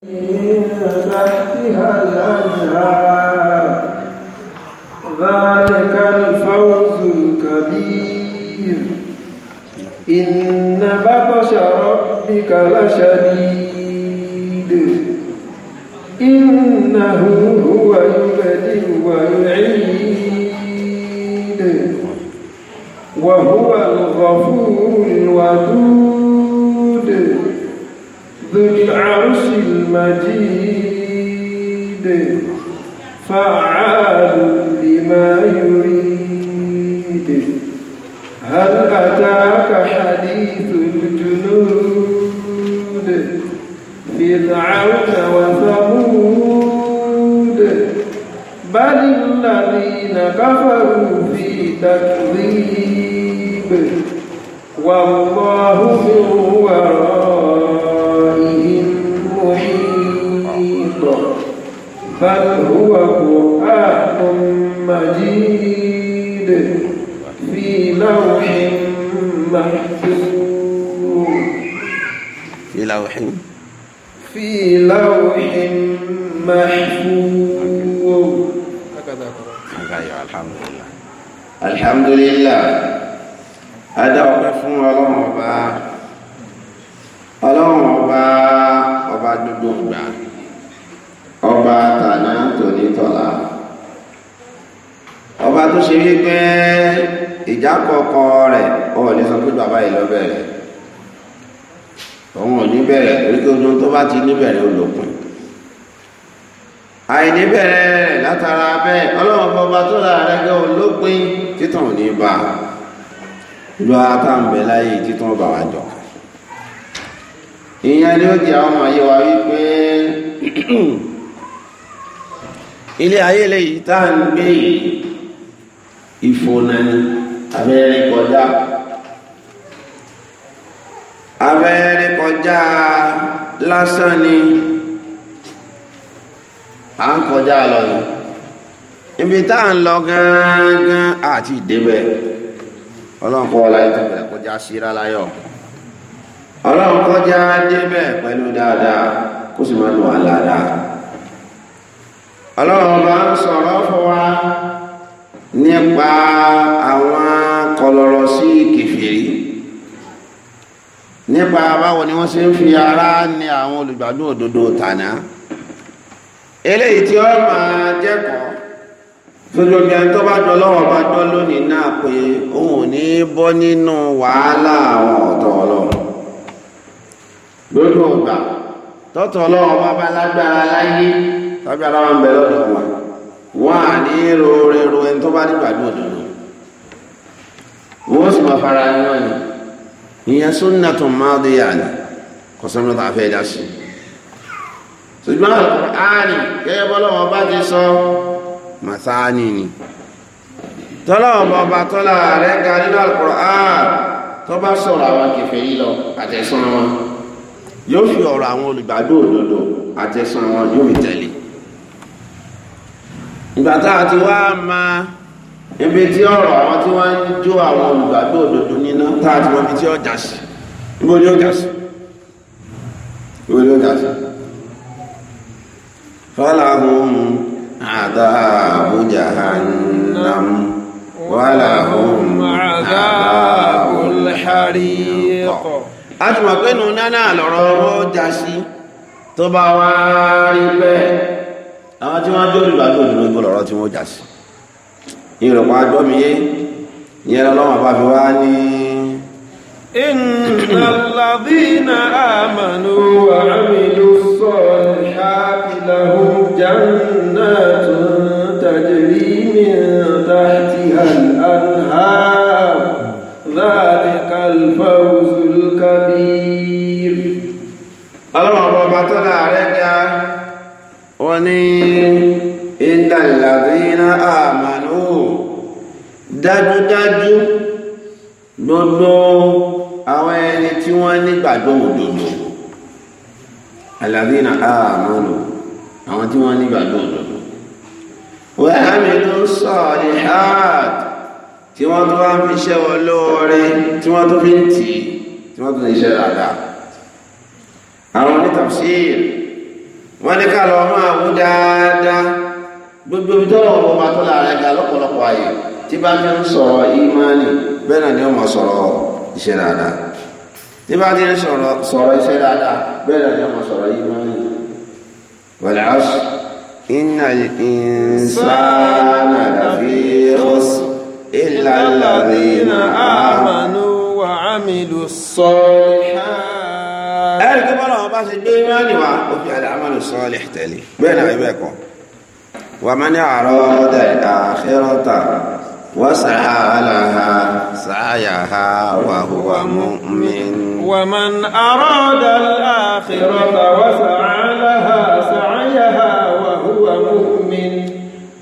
تحتها الأنهار ذلك الفوز الكبير إن بطش ربك لشديد إنه هو يبدئ ويعيد وهو الغفور الودود ذو العرش مجيد فعال لما يريد هل أتاك حديث الجنود فرعون وثمود بل الذين كفروا في تكذيب والله من وراء بل هو قرآن مجيد في لوح محفوظ في لوح في لوح محفوظ هكذا الحمد لله الحمد لله ada ọpẹ́ fún ọlọ́run ọba ọlọ́run ọba ọba gbogbo tọ́lá ọba tó ṣe wípé ìjákọ̀ọ́kọ́ rẹ̀ ọ̀ ní sọ pé bàbá yìí lọ bẹ̀rẹ̀ òun ò ní bẹ̀rẹ̀ oríkè ojú tó bá ti níbẹ̀rẹ̀ olópin àìníbẹ̀rẹ̀ rẹ̀ látara bẹ́ẹ̀ ọlọ́run bọba tó láàrẹ́ gẹ́ olópin títàn ò ní bá ìlú atáǹbẹ̀ láyé títàn bá wa jọ ìyẹn ni ó di àwọn ọmọ ayé wa wípé ilé ayé lè yìí tá à ń gbé ìfònàní abẹ́rẹ́ kọjá abẹ́rẹ́ kọjá lásán ni à ń kọjá lọ yìí ibi tá à ń lọ gángan àti ìdébẹ̀ ọlọ́nkọ́ ọláyé tó bẹ̀rẹ̀ kọjá síra láyọ̀ ọlọ́nkọjá débẹ̀ pẹ̀lú dáadáa kó sì máa lò wà ládàá ọlọ́run ọba ń sọ̀rọ̀ fún wa nípa àwọn kọlọ̀rọ̀ sí kèfèrí nípa báwo ni wọ́n ṣe ń fi ara ní àwọn olùgbàdùn òdodo tànà eléyìí tí ó máa jẹ́kọ̀ọ́ sójú bí ẹni tó bá jọ lọ́wọ́ bá jọ lónìí náà pé òun ò ní bọ́ nínú wàhálà àwọn ọ̀tọ̀ ọlọ́run lójú ọgbà tọ́tọ̀ ọlọ́run bá bá lágbára láyé tọ́jú aláwọ̀ ń bẹ lọ́dọ̀ wa wọ́n à ní ro rero ẹni tó bá ní gbàdúrà òdodo wọ́n sì máa fara ẹni náà ni ìyẹn súnà tó máa dé yàrá kò sọ́nà tó afẹ́ dá sí ṣùgbọ́n àárín gẹ́gẹ́ bọ́lọ́wọ́ bá ti sọ màsáánì ni tọ́lọ́wọ́ bá tọ́lá rẹ̀ ga nínú Al-Qur'an tó bá sọ̀rọ̀ àwọn kẹfẹ́ yìí lọ àtẹ̀sán wọn yóò fi ọ̀rọ̀ àwọn olùgbàdo òdodo àtẹ̀sán wọn yóò fi tẹ̀lé ìgbà tá a ti wá máa ibi tí ọ̀rọ̀ àwọn tí wọ́n ń jó àwọn olùgbàgbọ́ òdodo níná tá a ti mọ ibi tí ọjà sí ibo ni ọjà sí ibo ni ọjà sí fọláhùn àdáàbò jahannam wàláhùn àdáàbò lẹ́hàríyọ̀. a ti mọ̀ pé nù náà lọ́rọ̀ ọjà sí tó bá wá rí bẹ́ẹ̀ àwọn tí wọ́n jó ìlú àti òdòdó ìbò lọ́rọ́ tí wọ́n jà sí ìrọ̀pá gbọ́mìyé ìyẹn lọ́wọ́ bá fi wá ní. إن الذين آمنوا وعملوا الصالحات لهم جنات تجري من تحتها الأنهار ذلك الفوز الكبير. ọlọ́run ọba tó láàárẹ̀ ga wọ́n ní alladhina amanu dájúdájú gbogbo àwọn ẹni tí wọ́n nígbàgbọ́ òdodo alladhina amanu àwọn tí wọ́n nígbàgbọ́ òdodo wa amilu salihat tí wọ́n tó wá fi iṣẹ́ wọn tí wọ́n tó fi ń tì tí wọ́n tó lè ṣe dáadáa àwọn onítàfsíìrì wọ́n ní ká lọ máa dáadáa gbogbo ibi tọ́lọ̀ ọ̀rọ̀ máa tọ́lá ara ga lọ́pọ̀lọpọ̀ ayé tí bá ti ń sọ̀rọ̀ ìmánì bẹ́ẹ̀ náà ni ó máa sọ̀rọ̀ iṣẹ́ dáadáa tí bá ti ń sọ̀rọ̀ sọ̀rọ̀ iṣẹ́ dáadáa bẹ́ẹ̀ náà ni ó máa sọ̀rọ̀ ìmánì. wal asr innal insana lafi khusr illa alladhina amanu wa amilu salihat. ẹ̀rí kí bọ́lá wọn bá ṣe gbé ìmánì wa ó fi àdàmánù sọ́ọ̀lì tẹ̀lé bẹ́ẹ̀ náà ibẹ̀ kọ́. ومن أراد الآخرة وسعى لها سعيها وهو مؤمن ومن أراد الآخرة وسعى لها سعيها وهو مؤمن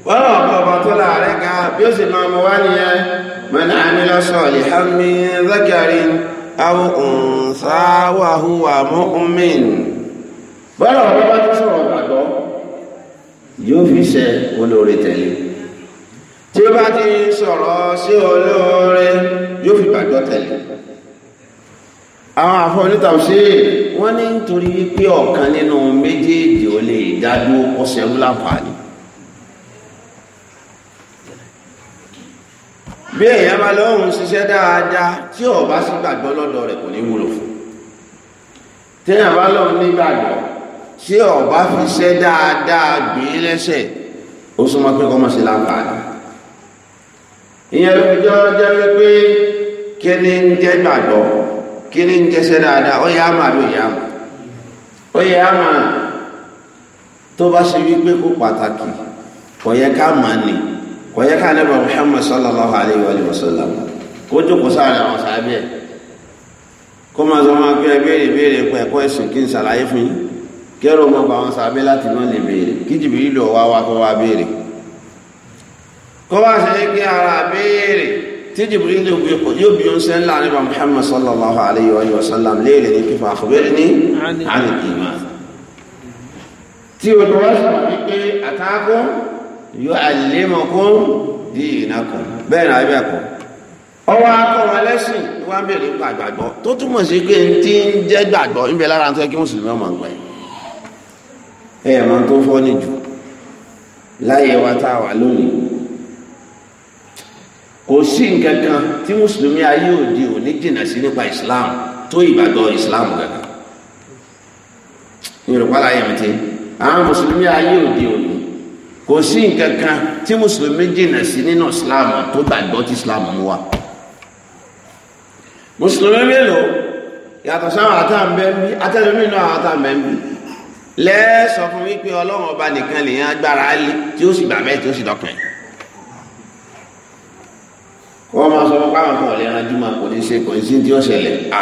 ورغب طلع عليك بيسمع موانيا من عمل صالحا من ذكر أو أنثى وهو مؤمن bọ́lá ọ̀rọ̀ yóò fi ṣe olóore tẹ̀lé tí ó bá ti sọ̀rọ̀ sí olóore yóò fi gbàgbọ́ tẹ̀lé àwọn àfọ onítàwọ̀sí wọ́n ní nítorí wípé ọ̀kan nínú méjèèjì ò lè dádúró ọ̀sẹ̀ ńláǹfààní bí èèyàn bá lọ́rùn ṣiṣẹ́ dáadáa tí ó bá sì gbàgbọ́ lọ́dọ̀ rẹ̀ kò ní wúlò fún téèyàn bá lọ́rùn nígbàgbọ́ ṣé ọba fi ṣẹ́ dáadáa gbìn lẹ́sẹ̀ ó súnmọ́ pé kọ́ mọ̀ sí láǹfààní ìyẹn ló fi jọ́ jẹ́ wípé kí ń jẹ́ gbàgbọ́ kí ń dáadáa ó yẹ á máa ló yẹ á ó yẹ á máa tó bá ṣe wípé kó pàtàkì kò yẹ ká máa nì kò yẹ ká sallallahu alayhi wa sallam kó jókòó sáré àwọn sábẹ́ kó máa sọ máa pẹ̀kọ́ kẹ́rọ ọmọ bá wọn sàbẹ́ láti má lè béèrè kí jìbìrì lọ wá wá kó wá béèrè kó wá ṣe kí ara béèrè tí jìbìrì lè gbé kò yóò bí ó ń sẹ́ ńlá nípa Muhammad sallallahu alayhi wa sallam léèrè ní kífà àfọ̀bẹ́rẹ́ ní àlìkìmá tí o lọ sọ wípé àtàkùn yóò àlèmọ̀kún di ìnákùn bẹ́ẹ̀ náà bẹ́ẹ̀ kọ́ ọwọ́ akọ̀wọ́ lẹ́sìn wọ́n bèèrè gbàgbọ́ tó túmọ̀ sí pé ń ti ń jẹ́ gbàgbọ́ ń bẹ lára tó yẹ kí mùsùlùmí ọmọ ń gbà ẹ ẹ̀ máa tó fọ́ nìjù láyé wa tá a wà lónìí kò sí nǹkan kan tí mùsùlùmí ayé òde òní jìnnà sí nípa islam tó ìbàdàn islam gàgà yorùbá láyé mi ti àwọn mùsùlùmí ayé òde òní kò sí nǹkan kan tí mùsùlùmí jìnnà sí nínú islam tó gbàgbọ́ tí islam mú wa mùsùlùmí mélòó yàtọ̀ sáwọn àtàǹbẹ̀mí àtẹ̀lẹ́mí náà àtàǹbẹ̀mí lẹ́ẹ̀sọ fún wípé ọlọ́run ọba nìkan lèyàn agbára lé tí ó sì gbà bẹ́ẹ̀ tí ó sì dọ́kàn ẹ̀ kó wọ́n máa sọ fún páwọn kan ọ̀lẹ́ ẹranjú máa kò ní ṣe kò ní sí tí ó ṣẹlẹ̀ à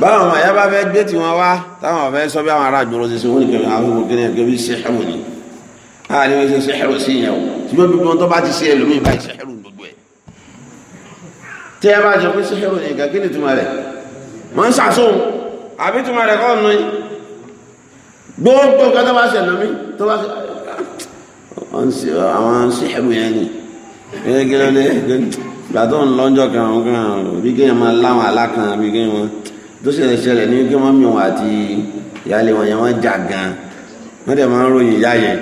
báwọn ọmọ ìyá bá fẹ́ gbé tí wọ́n wá táwọn ọ̀fẹ́ sọ bí àwọn ará ìgboro ṣe ṣe wọ́n ní kẹfì àwọn ọmọ kẹfì kẹfì ṣe ṣẹ́wọ̀n ni a ní wọ́n ṣe ṣẹ́wọ̀ sí ìyẹn o ṣùgbọ́n gbogbo tó bá ti ṣe ẹlòmíì báyìí ṣẹ́wọ̀ gbogbo ẹ̀ tí ẹ bá jọ pé ṣẹ́wọ̀ ni nǹkan túmọ̀ rẹ̀ mọ́ ń sàtún àbí túnmọ̀ rẹ̀ kọ́ nù gbogbo nǹkan tó bá ṣe lómi tó bá ṣe àwọn síhìrù yẹn ni gẹ́gẹ́ lọ́lẹ́ ìgbà tó ń lọ́jọ́ kan kan bí kéèyàn máa láwọn alákan bí kéèyàn wọn tó ṣẹlẹ̀ ṣẹlẹ̀ ní kí wọ́n mìíràn àti ìyáálé wọn yẹn wọ́n jà gan wọ́n dẹ̀ máa ń ròyìn ìyá yẹn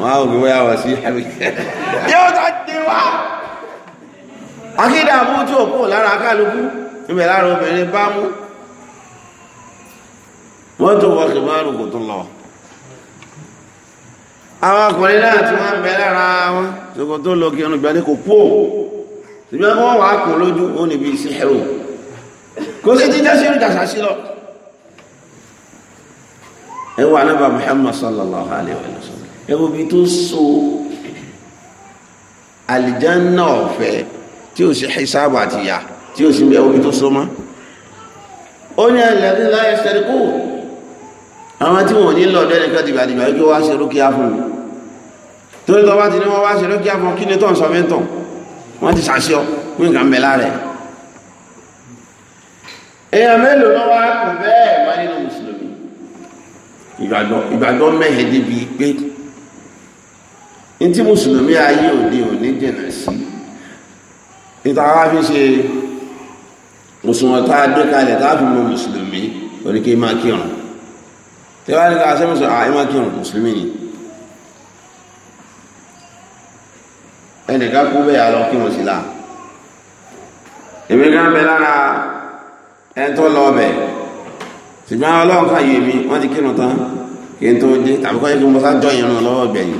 wọ́n á òkè wọ́yà wọ̀ sí ẹ̀mí yóò tó ti wá. akéde àbúrò tí lára kálukú ibẹ̀ lára obìnrin bá mú wọ́n tó wọ kìbáàrù kò tó lọ àwọn ọkùnrin náà tí wọ́n bẹ lára wọn ṣòkò tó lọ kí ọ̀nà ìgbàlẹ̀ kò kú ò ṣùgbọ́n wọ́n wà á kùn lójú ó níbi ìṣẹ́rù kò sí ti jẹ́sí ìrìn dàṣà sí lọ ẹ wà náà Muhammad sallallahu alayhi wa sallam ẹ wo bí tó so àlìjánná ọ̀fẹ́ tí ò sí hisabu àti ìyà tí ò sí bí ẹ wo bí tó so mọ́ ó ní àlìjánná ẹ̀fẹ́ kú àwọn tí wọ́n ní lọ dẹ́rẹ̀ kan tìgbà tìgbà kí wọ́n wá ṣe rókíá fún un torí tó bá ti ní wọ́n wá ṣe rókíá fún kí ni tó ń sọ mẹ́tọ̀ wọ́n ti ṣàṣeyọ pé nǹkan bẹ̀ lára ẹ̀ èèyàn mélòó ló wá kù bẹ́ẹ̀ wá nínú mùsùlùmí ìgbàgbọ́ ìgbàgbọ́ mẹ́hẹ̀ débi pé ní tí mùsùlùmí ayé òde òní jìnà sí ìtawá fi ṣe mùsùlùmí tá a gbé kalẹ̀ tá a fi mọ mùsùlùmí oríkèé máa kírun tẹ́wàá nígbà asẹ́mùsọ̀ àìmọ́ kí òun mùsùlùmí ni ẹnìkan kú bẹ́ẹ̀ alọ́ kí wọ́n sì là èmi kan bẹ lára ẹni tó lọ ọbẹ̀ ṣùgbọ́n ọlọ́run kan yìí mi wọ́n ti kírun tán kí n tó dé tàbí kọ́ yẹ kí mo sá jọ ìrún lọ́wọ́ ọbẹ̀ yìí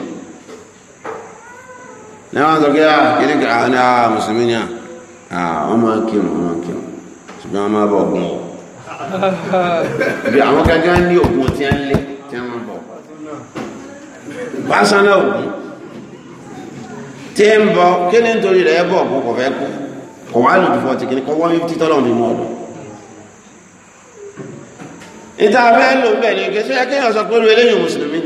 ní wọ́n sọ pé à ah, kíní kí àwọn ah, ah, mùsùlùmí ni à wọ́n máa kírun wọ́n máa kírun ṣùgbọ́n wọ́n máa bọ̀ ọ̀gbọ́n ọ̀ bí àwọn gángan ní ògùn tí a ń lé tí a máa bọ̀ pásánà ògùn tí ń bọ̀ kí ni nítorí rẹ̀ bọ̀ bọ̀ kọ̀ fẹ́ kú kọ̀ wá lòdì fún ọtí kí ni kọ̀ wọ́n fífi títọ́ nínú ọ̀dọ̀ ìta fẹ́ lò bẹ̀ ni kí sọ́yà kéèyàn pé eléyìn mùsùlùmí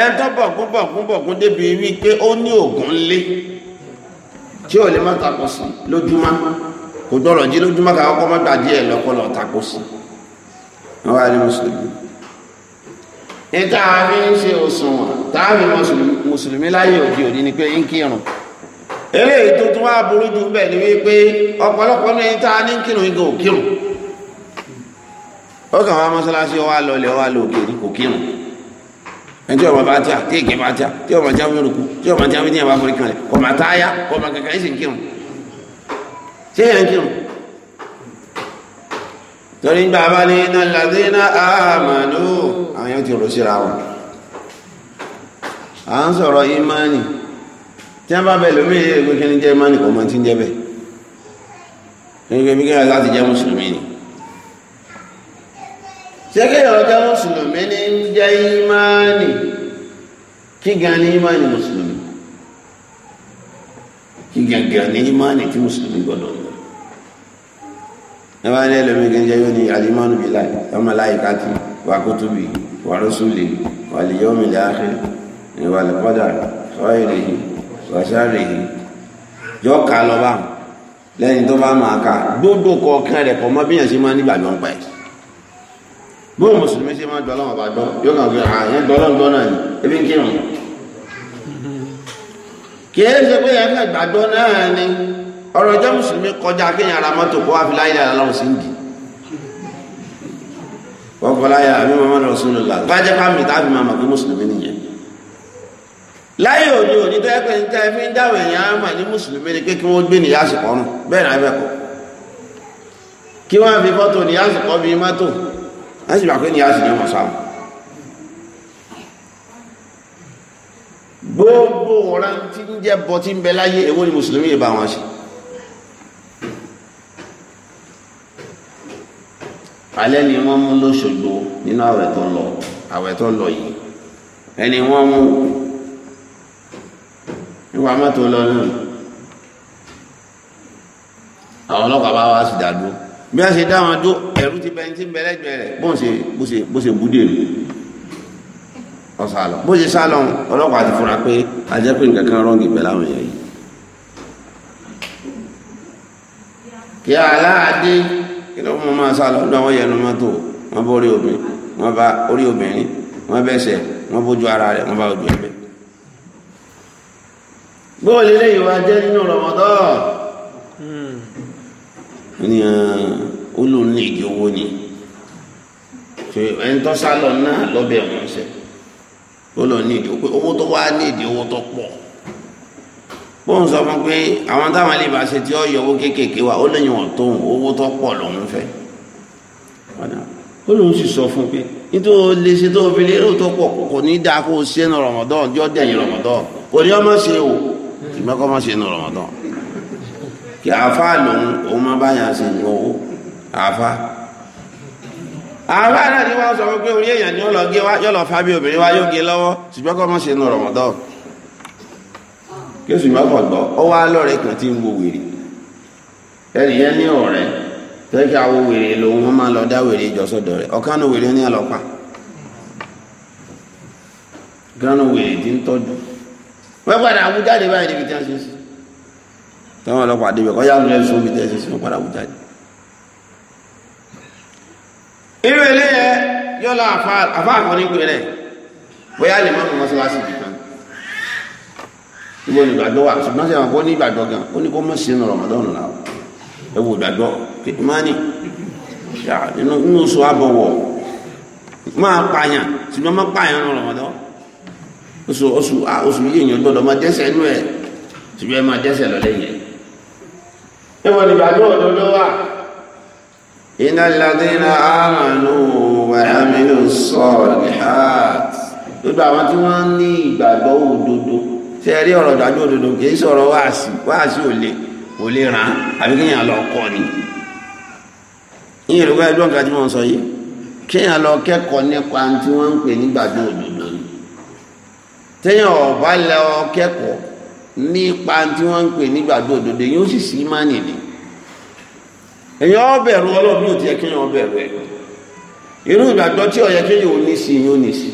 ẹn tó bọ̀kún bọ̀kún bọ̀kún débi wípé ó ní ògùn lé tí ò lè má takọ̀ sí lójúmọ́ kò gbọ́dọ̀ jí lójúmọ́ ká kọ́kọ́ mọ́gbà díẹ̀ lọ́kọ́lọ́ tako sí wọ́n wá ní mùsùlùmí ní táàbí ń ṣe òṣùwọ̀n táàbí mùsùlùmí láyé òde òní ni pé ń kírun eléyìí tó tún wá burú jù bẹ́ẹ̀ ni wípé ọ̀pọ̀lọpọ̀ ní ta ní kírun igi ò kírun ó kàn wá mọ́sálásí ó wá lọlẹ̀ ó wá lọ òkè kò kírun ẹni tí ọmọ bá tíà tí èké bá tíà tí ọmọ jáwé rúkú tí ọmọ jáwé ní ẹ̀wá ṣé yẹn ń kírun torí ń gbà bá ní iná ladina amanu àwọn yóò ti rò síra wọn à ń sọ̀rọ̀ ìmánì tí wọ́n bá bẹ̀ lómi ìlú kí ni jẹ́ ìmánì kò mọ̀ tí ń jẹ́ bẹ̀ nígbà bí láti jẹ́ mùsùlùmí ni ṣé kéèyàn jẹ́ mùsùlùmí ni jẹ́ ìmánì kí gan ni ìmánì mùsùlùmí kí gangan ni ìmánì tí mùsùlùmí gbọdọ̀ ní ẹ bá ní ẹlòmíì kí n jẹ yóò ní alimanu bilayi ọmọ láyé káàkiri wà kútùbì wà rọsùlì wà lè yọ mílẹ áhẹ ìwà lè kọdà sọyìnrì yìí wà sáré yìí yọ ká tó bá máa kà gbogbo kọ̀ọ̀kan rẹ̀ kọ mọ bí yẹn ṣe máa nígbà lọ ń pa ẹ bóun mùsùlùmí ṣe máa dọlọ́wọ́ bá dọ́ yóò kàn fi hàn yẹn dọlọ́wọ́ gbọ́ ni ebi ń kírun kì í ṣe pé ẹ fẹ́ gbàgbọ́ náà ni ọ̀rọ̀ jẹ́ mùsùlùmí kọjá kéèyàn ara mọ́tò kó wá fi láyé lára lọ́wọ́ sí ń dì wọ́n kọ́ láyé àmì mọ́mọ́ lọ sún lọ́la bá jẹ́ fámìlì táàbí máa mọ̀ pé mùsùlùmí nìyẹn láyé òní òní tó yẹ pé níta ẹ fi ń dáwọ̀ èèyàn á ní mùsùlùmí ni pé kí wọ́n gbé nìyá àsìkò ọ̀run bẹ́ẹ̀ náà bẹ́ẹ̀ kọ́ kí wọ́n fi fọ́tò nìyá àsìkò bíi mọ́tò gbogbo ọ̀ràn tí ń jẹ́ bọ́ tí ń bẹ láyé èwo ni mùsùlùmí yìí bá wọn ṣe alẹ́ ni wọ́n mú lóṣogbo nínú àwẹ̀ tó lọ àwẹ̀ tó lọ yìí ẹni wọ́n mú ìwà mọ́tò lọ lónìí àwọn ọlọ́pàá bá wá sí dàdúró bí a ṣe dá wọn dó ẹ̀rú ti bẹni tí ń bẹ lẹ́gbẹ̀ẹ́ rẹ̀ bó ṣe bó ṣe bó ṣe búdé lu ọ̀sálọ̀ bó ṣe sálọ̀ ọlọ́pàá ti fura pé a jẹ́ pé nǹkan kan rọ́ǹgì pẹ̀lú àwọn èèyàn yìí kí aláàdé kìlọ̀ fún máa sá lọ́dọ̀ wọ́n yẹnu mọ́tò wọ́n bá orí obìnrin wọ́n bá orí obìnrin wọ́n bẹ́sẹ̀ wọ́n bójú ara rẹ̀ wọ́n bá ojú ẹgbẹ́ bóòlì lẹ́yìn wa jẹ́ nínú rọ̀mọ́dọ́ ní olóòrùn ní ìdí owó ni ẹni tó sá lọ náà lọ́bẹ̀ wọn ṣe olóòrùn ní ìdí owó tó wá ní ìdí owó tó pọ̀ bóun sọ fún pé àwọn táwọn ilé ìbá ṣe tí ó yọ owó kéékèèké wa ó lẹ́yìn wọn tó òun owó tó pọ̀ lòun fẹ́ ó lòun sì sọ fún pé nítorí o lè ṣe tó fi lérò tó pọ̀ kò ní dáa kó o ṣe nu rọmọdán yọ dẹ̀yìn rọmọdán kò ní ọmọ ṣe o ìgbà kọ́ ọmọ ṣe nu rọmọdán kí àáfàá lòun òun máa bá yàn ṣe ní owó àáfàá àáfàá náà ni wọ́n sọ fún pé orí èèyàn ni ó lọ fábí obìnrin wá yóò gé lọ́wọ́ ṣùgbọ́n kọ́ ọmọ ṣe nu rọmọdán kéṣù má kàn gbọ́ ọ wá lọ́rẹ̀ kan tí ń wo wèrè ẹnì yẹn ní ọ̀rẹ́ tẹ́kí àwọn wèrè lòun wọ́n máa lọ dá wèrè ìjọ sọ́dọ̀ rẹ̀ ọ̀kánú wèrè ní ọlọ́pàá gánú wèrè tí ń tọ́jú wọ́n padà àwùjáde báyìí níbi tí wọ́n ṣe sí tọ́wọ́n ọlọ́pàá débi ọ̀kọ́ yálù rẹ̀ sóbi tẹ́ ṣe sí wọ́n padà àwùjáde. irú ilé yẹ yọ́lá àfa àfa àkọ́ni bóyá lè má mọ́ mọ́sálásí bìkan níbo ni ìgbàgbọ́ wà ṣùgbọ́n sí àwọn kò ní ìgbàgbọ́ gan ó ní kó mọ̀ sí Ramadan náà ẹ wo ìgbàgbọ́ kìtìmánì nínú oṣù àbọ̀wọ̀ máa pààyàn ṣùgbọ́n má pààyàn nínú Ramadan oṣù oṣù oṣù yìí èèyàn gbọ́dọ̀ máa dẹ́ṣẹ̀ inú ẹ̀ ṣùgbọ́n ẹ máa dẹ́ṣẹ̀ lọ lẹ́yìn ẹ̀ níbo ni ìgbàgbọ́ òdodo wà iná ladínà àmàlú wàhámínú sọ̀rọ̀ gbogbo àwọn tí wọ́n ní ìgbàgbọ́ òdodo tẹ́ ẹ rí ọ̀rọ̀ ìdájọ́ òdodo kì í sọ̀rọ̀ wáàsí wáàsí ò lè ò lè ràn án àbí lọ kọ́ ni ẹjọ́ nǹkan tí wọ́n sọ yìí kéèyàn lọ kẹ́kọ̀ọ́ nípa tí wọ́n ń pè nígbàdún òdodo ni téèyàn ọ̀bá kẹ́kọ̀ọ́ nípa ni èèyàn ọbẹ̀rù ò ọbẹ̀rù ẹ̀ irú ìgbàgbọ́ tí kéèyàn ò ní sí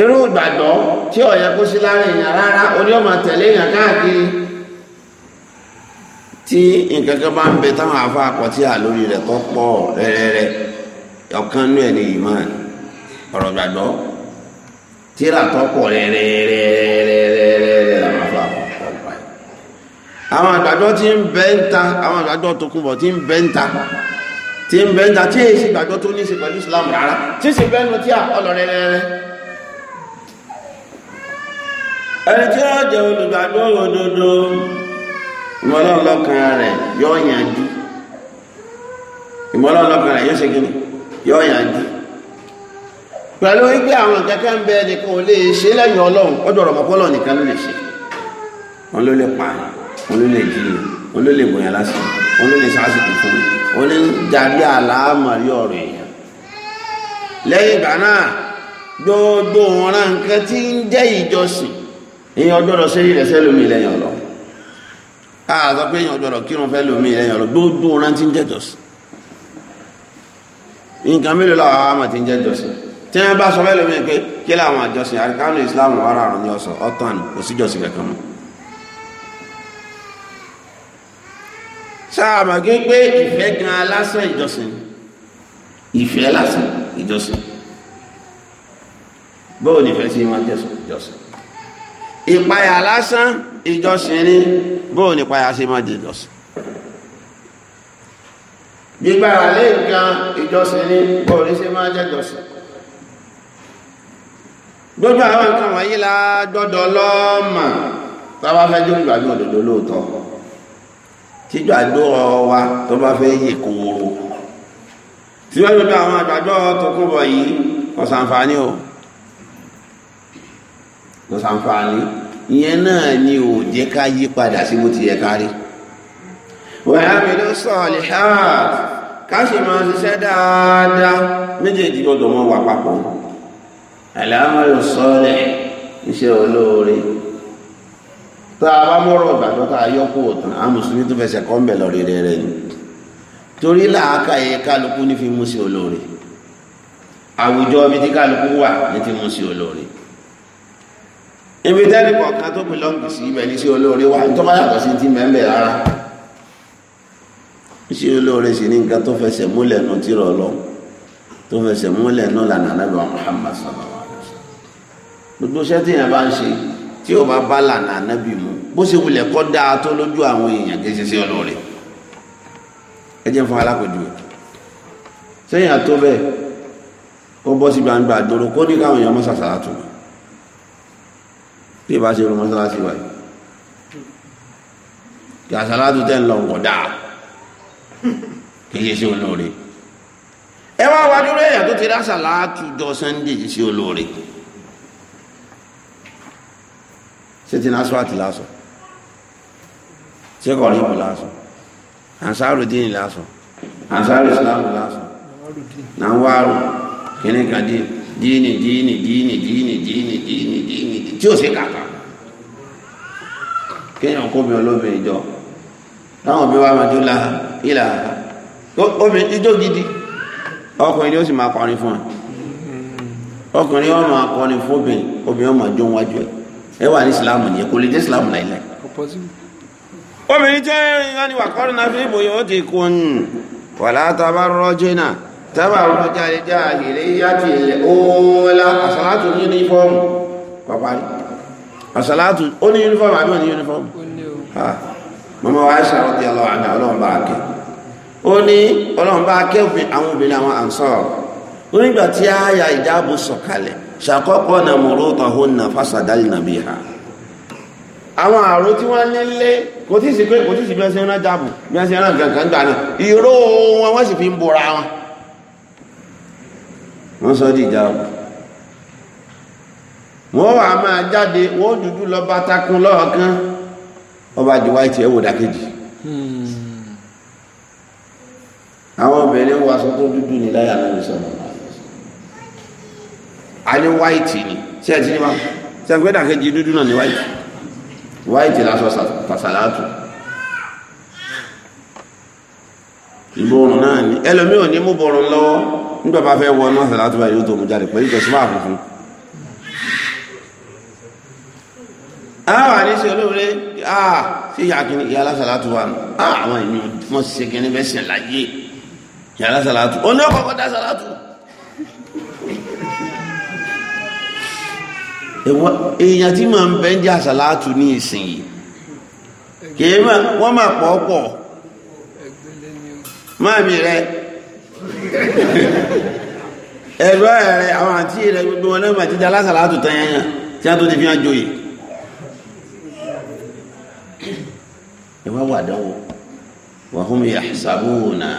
irú ìgbàgbọ́ tí ó yẹ kó sí lára èèyàn rárá oní ọmọ tẹ̀lé èèyàn káàkiri tí nǹkan kan bá ń bẹ táwọn afá akọtí à lórí rẹ̀ tó pọ̀ rẹ́rẹ́rẹ́ ọ̀kan nú ẹ̀ ní ìmán ọ̀rọ̀ ìgbàgbọ́ tíra tó pọ̀ rẹ́rẹ́rẹ́rẹ́rẹ́rẹ́ làwọn afá akọtí ọ̀pá ẹ̀ àwọn ìgbàgbọ́ ti ń bẹ ń ta àwọn ìgbàgbọ́ tó kún bọ̀ tí ń ń ta ń ẹni tí ó jẹ́ olùgbàgbọ́ òdodo ìmọ̀lọ́ọ̀lọ́kan rẹ̀ yóò yànjú ìmọ̀lọ́ọ̀lọ́kan rẹ̀ yóò ṣe gíní yóò yànjú pẹ̀lú wípé àwọn kẹ́kẹ́ ń bẹ nìkan ò lè ṣe nìkan ló lè ṣe wọn ló lè pa wọn ló lè wọn ló lè lásìkò wọn èyàn ọjọ́rọ̀ sí ilẹ̀ sẹ́ lómi lẹ́yìn ọ̀lọ́ ààzọ pé èyàn ọjọ́rọ̀ kírun fẹ́ lómi lẹ́yìn ọ̀lọ́ gbogbo ọ̀ràn tí ń jẹ́jọ́sí nǹkan mélòó làwọn àmọ̀ tí ń jẹ́jọ́sí tí wọ́n bá sọ fẹ́ lómi pé kí làwọn àjọsìn àríkánú ìsìláàmù ara àrùn ní ọ̀sán ọ̀tàn kò síjọ́sí kankan mọ́ sáà mà gé pé ìfẹ́ gan lásán ìjọsìn ìfẹ́ lásán ìjọsìn bóò nífẹ̀ẹ́ sí máa jẹ́sùn ìjọsìn ìpayà lásán ìjọsìn ní bóò ní ìpayà ṣe máa jẹ ìjọsìn gbígbára lé nǹkan ìjọsìn ní bóò ní ṣe máa jẹ ìjọsìn gbogbo àwọn nǹkan wọ̀nyí la gbọ́dọ̀ lọ́ọ̀mà tàbá fẹ́ jó ìgbàgbọ́ òdòdó lóòtọ́ tí gbàgbọ́ wa tó bá fẹ́ yè kòòrò tí wọ́n gbogbo àwọn àgbàgbọ́ tó kúbọ̀ yìí kò ṣàǹfààní o kò sàǹfààní ìyẹn náà ni ò jẹ́ ká yí padà sí bó ti yẹ ká rí wàhámìlú sọ̀lì hàt káṣí máa ṣiṣẹ́ dáadáa méjèèjì gbọdọ̀ mọ́ wà papọ̀ àlàámọ̀lù sọ̀lẹ̀ iṣẹ́ olóore tá a bá mọ́rọ̀ ìgbàgbọ́ tá a yọ kó tán a mùsùlùmí tó fẹsẹ̀ kọ́ ń bẹ̀ lọ́rí rẹ̀ rẹ̀ ni torí làákà yẹ kálukú ní fi mú sí olóore àwùjọ ibi tí kálukú wà ní ti mú sí olóore ibi tẹ́lẹ̀ kọ̀ọ̀kan tó pè lọ́ngì sí ibẹ̀ ní sí olóore wa tó bá yàtọ̀ sí ti mẹ́mbẹ̀ rárá sí olóore sí ní nǹkan tó fẹsẹ̀ múlẹ̀ nù tí rọ̀ lọ tó fẹsẹ̀ múlẹ̀ nù lànà ànábì Muhammad sallallahu alaihi wasallam gbogbo iṣẹ́ tí yẹn bá ń ṣe tí ó bá bá lànà ànábì mu bó ṣe wulẹ̀ kọ́ dáa tó lójú àwọn èèyàn kì í ṣe sí olóore ẹ jẹ́ fún alákòjú ẹ̀ sẹ́yìn àtó bẹ́ẹ̀ kó bọ́ sí gbangba àdòrò kó ní káwọn èèyàn mọ́ sàṣàlá tó mi bí ìbá ṣe rúmọ́ sálásí wa yìí kí àṣàlátù tẹ́ ń lọ nǹkan dáa kì í ṣe sí olóore ẹ wá wá dúró èèyàn tó ti rí àṣàlátù jọ sunday sí olóore ṣé ti náà sọ́ọ̀tì lásán ṣé kọ̀ọ̀lù lásán ansaru dín lásán ansaru islam lásán náà wàrù kìnnìkan dín. díìnì díìnì tábà wọn jáde já àgbèrè yáti ilẹ̀ oòrùnlá àsàlátù ní yúnífọ́ọ̀mù pàpà ní àsàlátù ó ní yúnífọ́ọ̀mù àbí òní yúnífọ́ọ̀mù ha mama wa aṣa ọdí ọlọ́ọ̀dá ọlọ́ọ̀bá akẹ́ ó ní ọlọ́ọ̀bá akẹ́ àwọn àrò tí wọ́n nílé kò tí sí pé kò tí sí bí wọ́n ṣe ń bí wọ́n ṣe ń gbà náà ìró wọn wọ́n sì fi ń bora wọn wọ́n sọ dìjà o wọ́n wà máa jáde wọ́n dúdú lọ bá takun lọ́ọ̀kan ọba jù wáyé tiẹ̀ wò dákejì àwọn obìnrin wọ aṣọ tó dúdú ní láyà náà sọ̀rọ̀ a ní wáìtì ni ṣé ẹ ti ní wa ṣe é pé dákejì dúdú náà ní wáìtì wáìtì lásọ tàṣàlátù. ìbòrùn náà ni ẹlòmí ò ní mú bòrùn lọ́wọ́ nígbà bá fẹ́ wọ náà sàlátù báyìí yóò tó mú jáde pẹ̀lú ìtọ́sí máa funfun. àwọn àníṣe olóore àà sí ìyá kìíní ìyá alásàlátù wà nù àwọn ènìyàn wọn ṣe kìíní bẹ́ẹ̀ ṣe láyé ìyá alásàlátù ó ní ọkọ̀ dá sàlátù. èèyàn tí màá ń bẹ́ ń jẹ́ àsàlátù ní ìsìn yìí kì í wọ́n máa pọ̀ pọ̀ mọ́mí rẹ ẹ̀rọ rẹ àwọn àti rẹ gbogbo wọn náà ti jalá sàlátù tẹ́yẹn tí a tó ti fi hàn joyè ìwà wà dánwò wa hum yahsabuna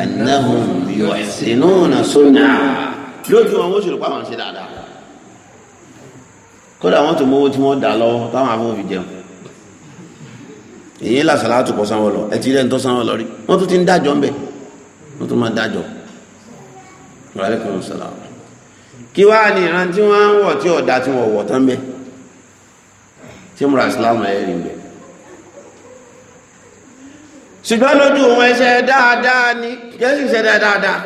annahum yuhsinuna sun'a lójú wọn wọ́n ṣòro pàwọn ṣe dáadáa kódà wọ́n tó mówó tí wọ́n dà lọ́wọ́ táwọn afọ́ fi jẹun èyí làṣàlátù kọ sanwó lọ ẹtì rẹ ń tọ́ sanwó lọ rí wọ́n tún ti ń dájọ́ ń bẹ̀ wọ́n tún máa dájọ́ kí wá ní ìran tí wọ́n ń wọ̀ tí ọ̀dà tí wọ́n wọ̀ tán bẹ́ tí múra ìsìláàmù ẹ̀ rí bẹ́ ṣùgbọ́n lójú òun ẹsẹ̀ dáadáa ni jésù ṣe dáadáa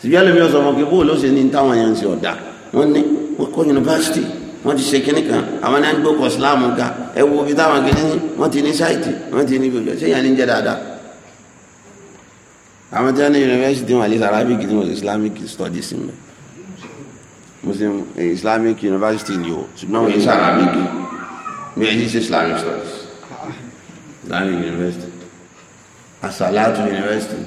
ṣùgbọ́n lómi ọ̀sọ̀ ọmọ kí bóòlù ó ṣe ní táwọn yẹn ń ṣe ọ̀dà wọ́n ní wọ́n yunifásitì wọ́n ti ṣe kínní kan àwọn náà ń gbókọ̀ síláàmù ga ẹ wo ibi táwọn kìíní ní wọ́n ti ní sáìtì wọ́n ti ní ibi òjò ṣéyàn ní dáadáa. àwọn tí wọ́n ní yunifásitì wọn àlejò arabic ni wọ́n ṣe islamic studies mi muslim eh, islamic university ni o ṣùgbọ́n wọ́n ṣe arabic mi ẹ̀ ṣe islamic studies islamic university asalatu university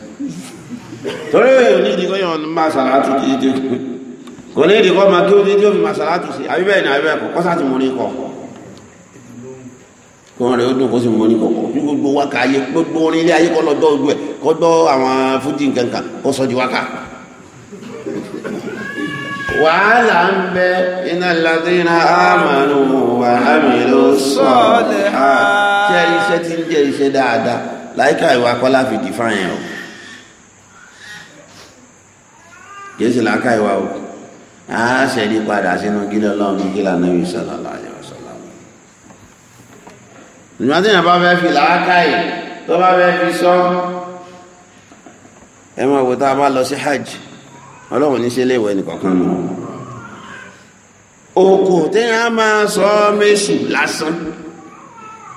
torí òní ìdíkọ́ yẹn wọ́n máa ṣàlátù kìí dé kú kò ní ìdíkọ́ ma kí ó dé tí ó fi màṣà látù sí àbíbẹ̀ ní àbíbẹ̀ kọ̀ kọ́sà ti mú ní kọ̀kọ̀ kọ́ rẹ̀ ó dùn kó sì mú ní kọ̀kọ̀ bí gbogbo wákà ayé gbogbo orin ilé ayé kọ́ lọ ẹ̀ kọ́ àwọn fújì nkankan kó sọ di wákà. wàhálà ń bẹ iná ladina amanu wa amilu sọ́ọ̀lẹ̀ ha ṣe iṣẹ́ tí ń jẹ́ iṣẹ́ dáadáa láìka ìwà kọ́lá fìdí fáyẹn o kì ṣe láìka ìwà o a ṣe rí padà sínú kílẹ̀ ọlọ́run ní kílẹ̀ anábì sallallahu alaihi wasallam ìgbà tí yàrá bá fẹ́ fi làákàyè tó bá fẹ́ fi sọ ẹ máa wò tá a bá lọ sí hajj ọlọ́run ní ṣe léèwọ̀ ẹnìkọ̀ọ̀kan mọ́ òkò téèyàn máa sọ méṣù lásán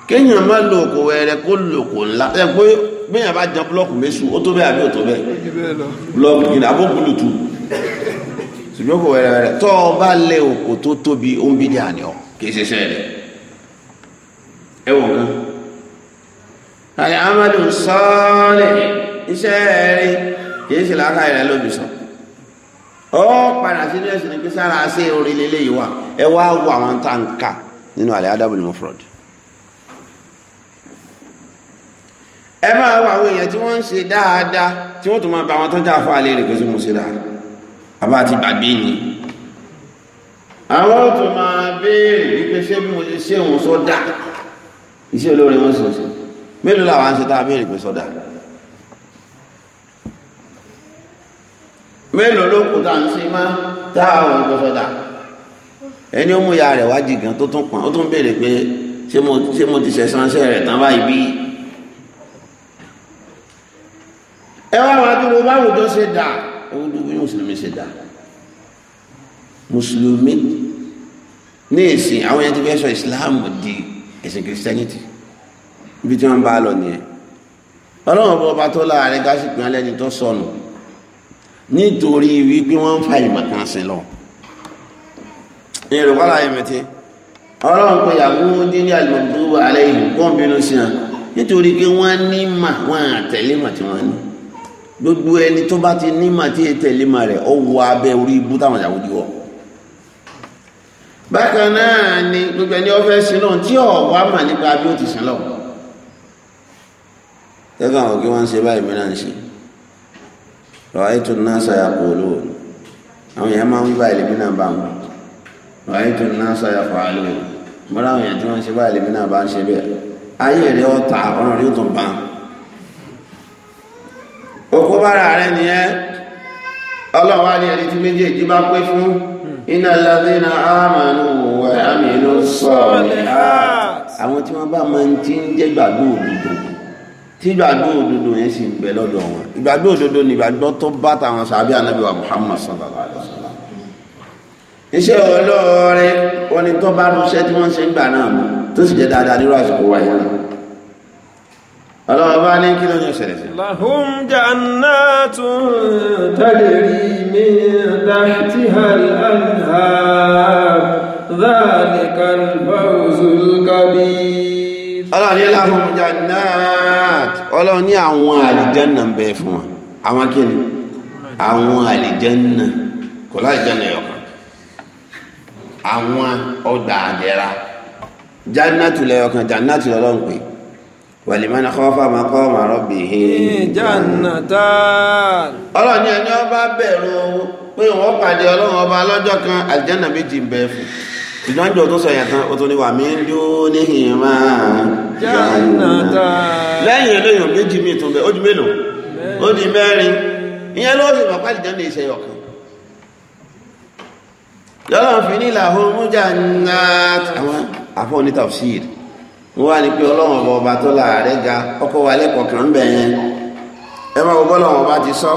kéèyàn máa lo òkò wẹ̀rẹ̀ kó lòkò ńlá ẹ pé bẹ́ẹ̀ bá jọ búlọ́ọ̀kù méṣù ó tó bẹ́ẹ̀ àbí ó tó bẹ́ẹ̀ búlọ́ọ̀kù kìnnà sùjókò wẹrẹwẹrẹ tọ́ ọ bá lẹ òkò tó tóbi ó ń bí díà ni ọ kì í ṣe sẹ́ẹ̀lẹ̀ ẹ wọ̀ gan. àyà amadu sọ́ọ̀lẹ̀ iṣẹ́ rẹ̀ kì í ṣe làákà rẹ̀ lóbi sọ. ọ padà sínú ẹ̀sìn pé sára ṣe orin lélẹ́yìí wà ẹ wá wọ àwọn tá à ń kà nínú àlẹ́ adábòlì mọ́fúrọ́dì. ẹ máa wọ àwọn èèyàn tí wọ́n ń ṣe dáadáa tí wọ́n tún máa bá àwọn tó ń jà fún àlè rẹ̀ pé sí mo ṣe dáadáa àbá àti gbàgbé ni àwọn tó máa béèrè wípé ṣé bí mo ṣe ṣe òun sọ́dà iṣẹ́ olóore wọn sì ṣe mélòó làwọn á ṣe tá a béèrè pé sọ́dà mélòó ló kù tá à ń ṣe má tá a wọn kó ẹni ó mú ya rẹ̀ wájú gan tó tún pọ̀n ó tún béèrè pé ṣé mo ti ṣẹ̀san rẹ̀ tán báyìí bí. ẹ wá wá dúró báwo tó ṣe dà ó ń dúró mùsùlùmí ṣe dá mùsùlùmí ní ìsìn àwọn yẹn ti fẹ́ sọ ìsìláàmù di ẹ̀sìn kìrìsìtẹ́nìtì ibi tí wọ́n bá lọ nìyẹn ọlọ́run bọ́ ọba tó láàrin gáṣípì alẹ́ni tó sọnù nítorí wípé wọ́n ń fa ìmọ̀kan sí lọ èrò wọ́n láyé mẹ́tí ọlọ́run pé yàgùn dín ní àlùmọ̀tò wà lẹ́yìn kọ́ńbínú sí wọn nítorí pé wọ́n ní mà wọ́n àtẹ̀lé mà tí wọ́n ní gbogbo ẹni tó bá ti nímà tí ẹ tẹ̀lé ma rẹ̀ ọ wọ abẹ́ orí ibú táwọn ìyàwó di bákan náà ni gbogbo ẹni ọ fẹ́ sin náà tí ọ̀ wá mà nípa bí ó ti sin lọ. gẹ́gẹ́ àwọn kí wọ́n ń ṣe báyìí mìíràn ṣe lọ́wọ́ ètò náà ṣàyàpọ̀ olówó àwọn èèyàn máa ń bá ilé mìíràn bá wọn lọ́wọ́ ètò náà ṣàyàpọ̀ olówó mọ́ra àwọn èèyàn tí wọ́n ń ṣe báyìí mìíràn bá ń ṣe bẹ́ẹ̀ ayé rẹ̀ ọ̀tà ọ̀rọ̀ rí ó tún bá wọn òkú bára rẹ̀ nìyẹn ọlọ́wà ní ẹni tí méjèèjì bá pé fún iná lọ́dínà àmàlù wà ámì ló sọ àwọn tí wọ́n bá máa ń ti ń jẹ́ ìgbàgbọ́ òdodo tí ìgbàgbọ́ yẹn sì ń bẹ lọ́dọ̀ wọn ìgbàgbọ́ òdodo ni ìgbàgbọ́ tó bá tàwọn sàbí ànábì Muhammad sallallahu ọlọ́wọ́ bá ní kí ló ní ọ̀sẹ̀lẹ̀ sí. lahum jannatun tajri min tahtiha al-anhar dhalika al-fawzul kabir. ọlọ́wọ́ ní lahum jannat ọlọ́wọ́ ní àwọn àlìjánà ń bẹ fún wa àwọn kíni àwọn àlìjánà kò láìjánà ẹ̀yọ̀kan àwọn ọgbà àjẹra jannatu lẹ́yọ̀kan jannatu lọ́lọ́ ń pè é wàlìmọ́n akọ́fà máa kọ́ ọmọ àrọ́bì ìjànàtà ọlọ́ni ẹni ọba bẹ̀rù pé wọ́n pàdé ọlọ́run ọba lọ́jọ́ kan àlìjánà méjì ń bẹ fún ìdánjọ́ tó sọ yàtàn ó tó ní wà mí ń dúó ní ìhìnmá jànàtà lẹ́yìn eléyìn méjì mi tún bẹ ó di mélòó ó di mẹ́rin ìyẹn ló fi bàbá àlìjánà ìṣẹ́ ọ̀kan lọ́lọ́run fi ní ìlà wọ́n á ní pé ọlọ́run ọba ọba tó láàárẹ̀ ga ọkọ̀ wa lẹ́kọ̀ọ́ kan ń bẹ̀ yẹn ẹ máa gbọ́ ọlọ́run ọba ti sọ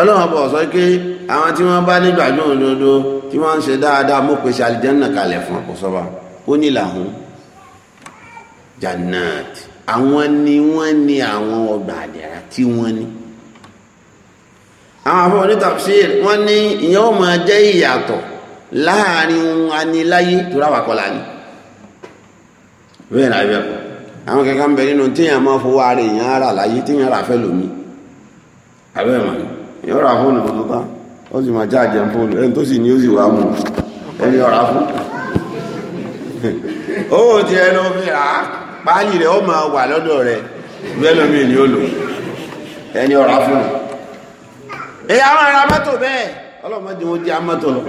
ọlọ́run ọba ọ̀sọ́ pé àwọn tí wọ́n bá nígbàgbọ́ òdodo tí wọ́n ń ṣe dáadáa mọ̀ pé ṣàlìjẹ́nà kalẹ̀ fún àkọsọ́ba ó ní làwọn jannat àwọn ni wọ́n ní àwọn ọgbà àdẹ̀rà tí wọ́n ní àwọn afọ onítàfsir wọ́n ní ìyẹn ó máa jẹ́ ìyàtọ̀ láàrin wọn aníláyé tó ráwàkọ́lá ni. Tafsir, bẹ́ẹ̀ láì bẹ́ẹ̀ kọ́ àwọn kankan bẹ nínú téèyàn máa fowó ara èèyàn ara láyé téèyàn rà fẹ́ lómi àbẹ́ mọ̀ ni èèyàn rà fóònù tó tó tán ó sì máa jáàjẹ fóònù ẹni tó sì ní ó sì wá mú ẹni ọ̀rá fún owó tí ẹ ló fi rà á páálí rẹ̀ ó máa wà lọ́dọ̀ rẹ̀ bẹ́ẹ̀ lómi ni ó lò ẹni ọ̀rá fún ẹ̀yà àwọn ará mọ́tò bẹ́ẹ̀ ọlọ́mọdé wọn jẹ́ amọ́tò lọ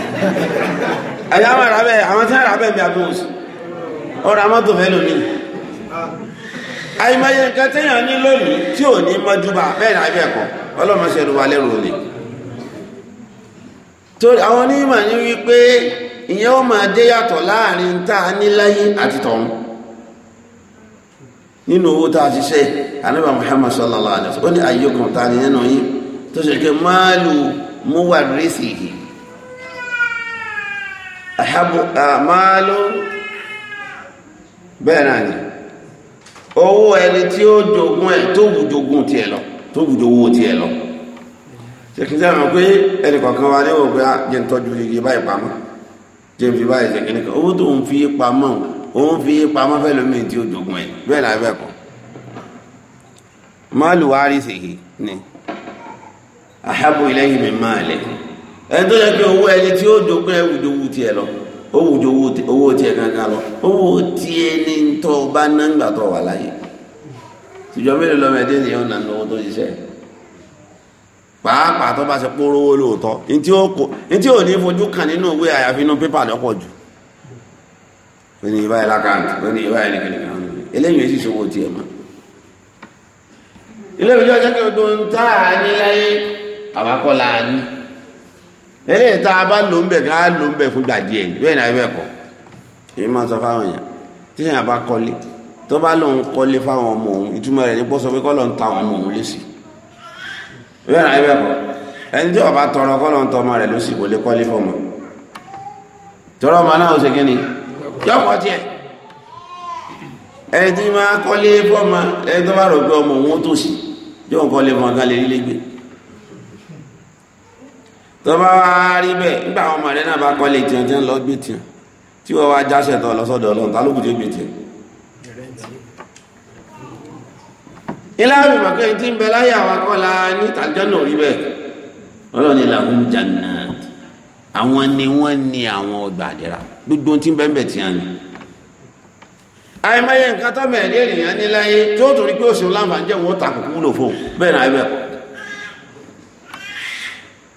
ẹ̀yà àwọn bẹ́ẹ̀ àwọn tí wọ́n bẹ́ẹ̀ bí abẹ́ òsì ọ̀rọ̀ amọ́tò fẹ́lò ní àìmọye nǹkan téèyàn ní lónìí tí ò ní ni àbí ẹ̀kọ́ ọlọ́mọṣẹ́ ló wà lẹ́rù olè torí àwọn onímọ̀ ní wípé ìyẹn ó máa dé yàtọ̀ láàrin tá a ní láyé àti tọ̀hún nínú owó tá a ti ṣe anábà Muhammad sallallahu ó ní ayé kan nínú tó ṣe kí máàlù mú wà rí sí bẹ́ẹ̀ náà ni owó ẹni tí ó jogún ẹ̀ tó wù jogún tiẹ̀ lọ tó wù jogún tiẹ̀ lọ ṣe kí n sẹ́yìn mọ̀ pé ẹnì kọ̀ọ̀kan wa ní òun pé ah, jẹ́ ń tọ́jú iye báyìí pamọ́ jẹ́ ń fi báyìí ṣe kíní kan owó tó ń fi pamọ́ òun fi pamọ́ fẹ́ lómi tí ó jogún ẹ̀ bẹ́ẹ̀ náà bẹ́ẹ̀ kọ́ máàlù wa rí sèké ni àhábò ilé yìí mi máa lẹ̀ ẹni tó yẹ kí owó ẹni tí ó jogún ẹ̀ wù jogún tiẹ̀ lọ. ó wù ju owó tiẹ̀ kankan lọ owó tiẹ̀ ní tọ́ bá ná ńgbà wà láyé ìjọba èlò lọ́mọ ẹ̀dẹ́ nìyẹn ń nà owó tó ṣiṣẹ́ pàápàá tó bá ṣe pórówó lóòótọ́ ntí pipa ní fojú kan nínú àyàfi inú pépà jù lákàntì eléyìí ilé ìjọ jẹ́ kí la eléyìí tá a bá lò ń bẹ̀ gan lò ń bẹ̀ fún gbà díẹ̀ bẹ́ẹ̀ náà kọ́ èyí máa sọ fáwọn èèyàn tí èèyàn bá kọ́lé tó bá lòun kọ́lé fáwọn ọmọ òun ìtumọ̀ rẹ̀ ní sọ pé kọ́ ta àwọn ọmọ òun lésì bẹ́ẹ̀ náà kọ́ ẹni tí ọba tọrọ kọ́ tọ ọmọ rẹ̀ tó bá wá rí bẹ́ẹ̀ nígbà àwọn ọmọ rẹ náà bá kọ́lé tiẹ̀ tiẹ̀ lọ gbé tiẹ̀ tí wọ́n wá jáṣẹ̀ tọ̀ lọ́sọ̀dọ̀ ọlọ́run tá ló kù tí ó gbé tiẹ̀. ilé àwọn ìmọ̀kẹ́ tí ń bẹ láyé àwọn akọ́lá ní ìtàjọ́nà rí bẹ́ẹ̀ ọlọ́run ni làwọn jàǹnà àwọn ni wọ́n ní àwọn ọgbà àdẹ́ra gbogbo tí ń bẹ́ẹ̀ bẹ̀ tiẹ̀ ni àìmọye nǹkan tó bẹ̀rẹ̀ ní ènìyàn ní láyé tó torí pé òṣèlú láǹfààní jẹ́ wọn ó takùkù wúlò fún bẹ́ẹ̀ náà ẹ kọ́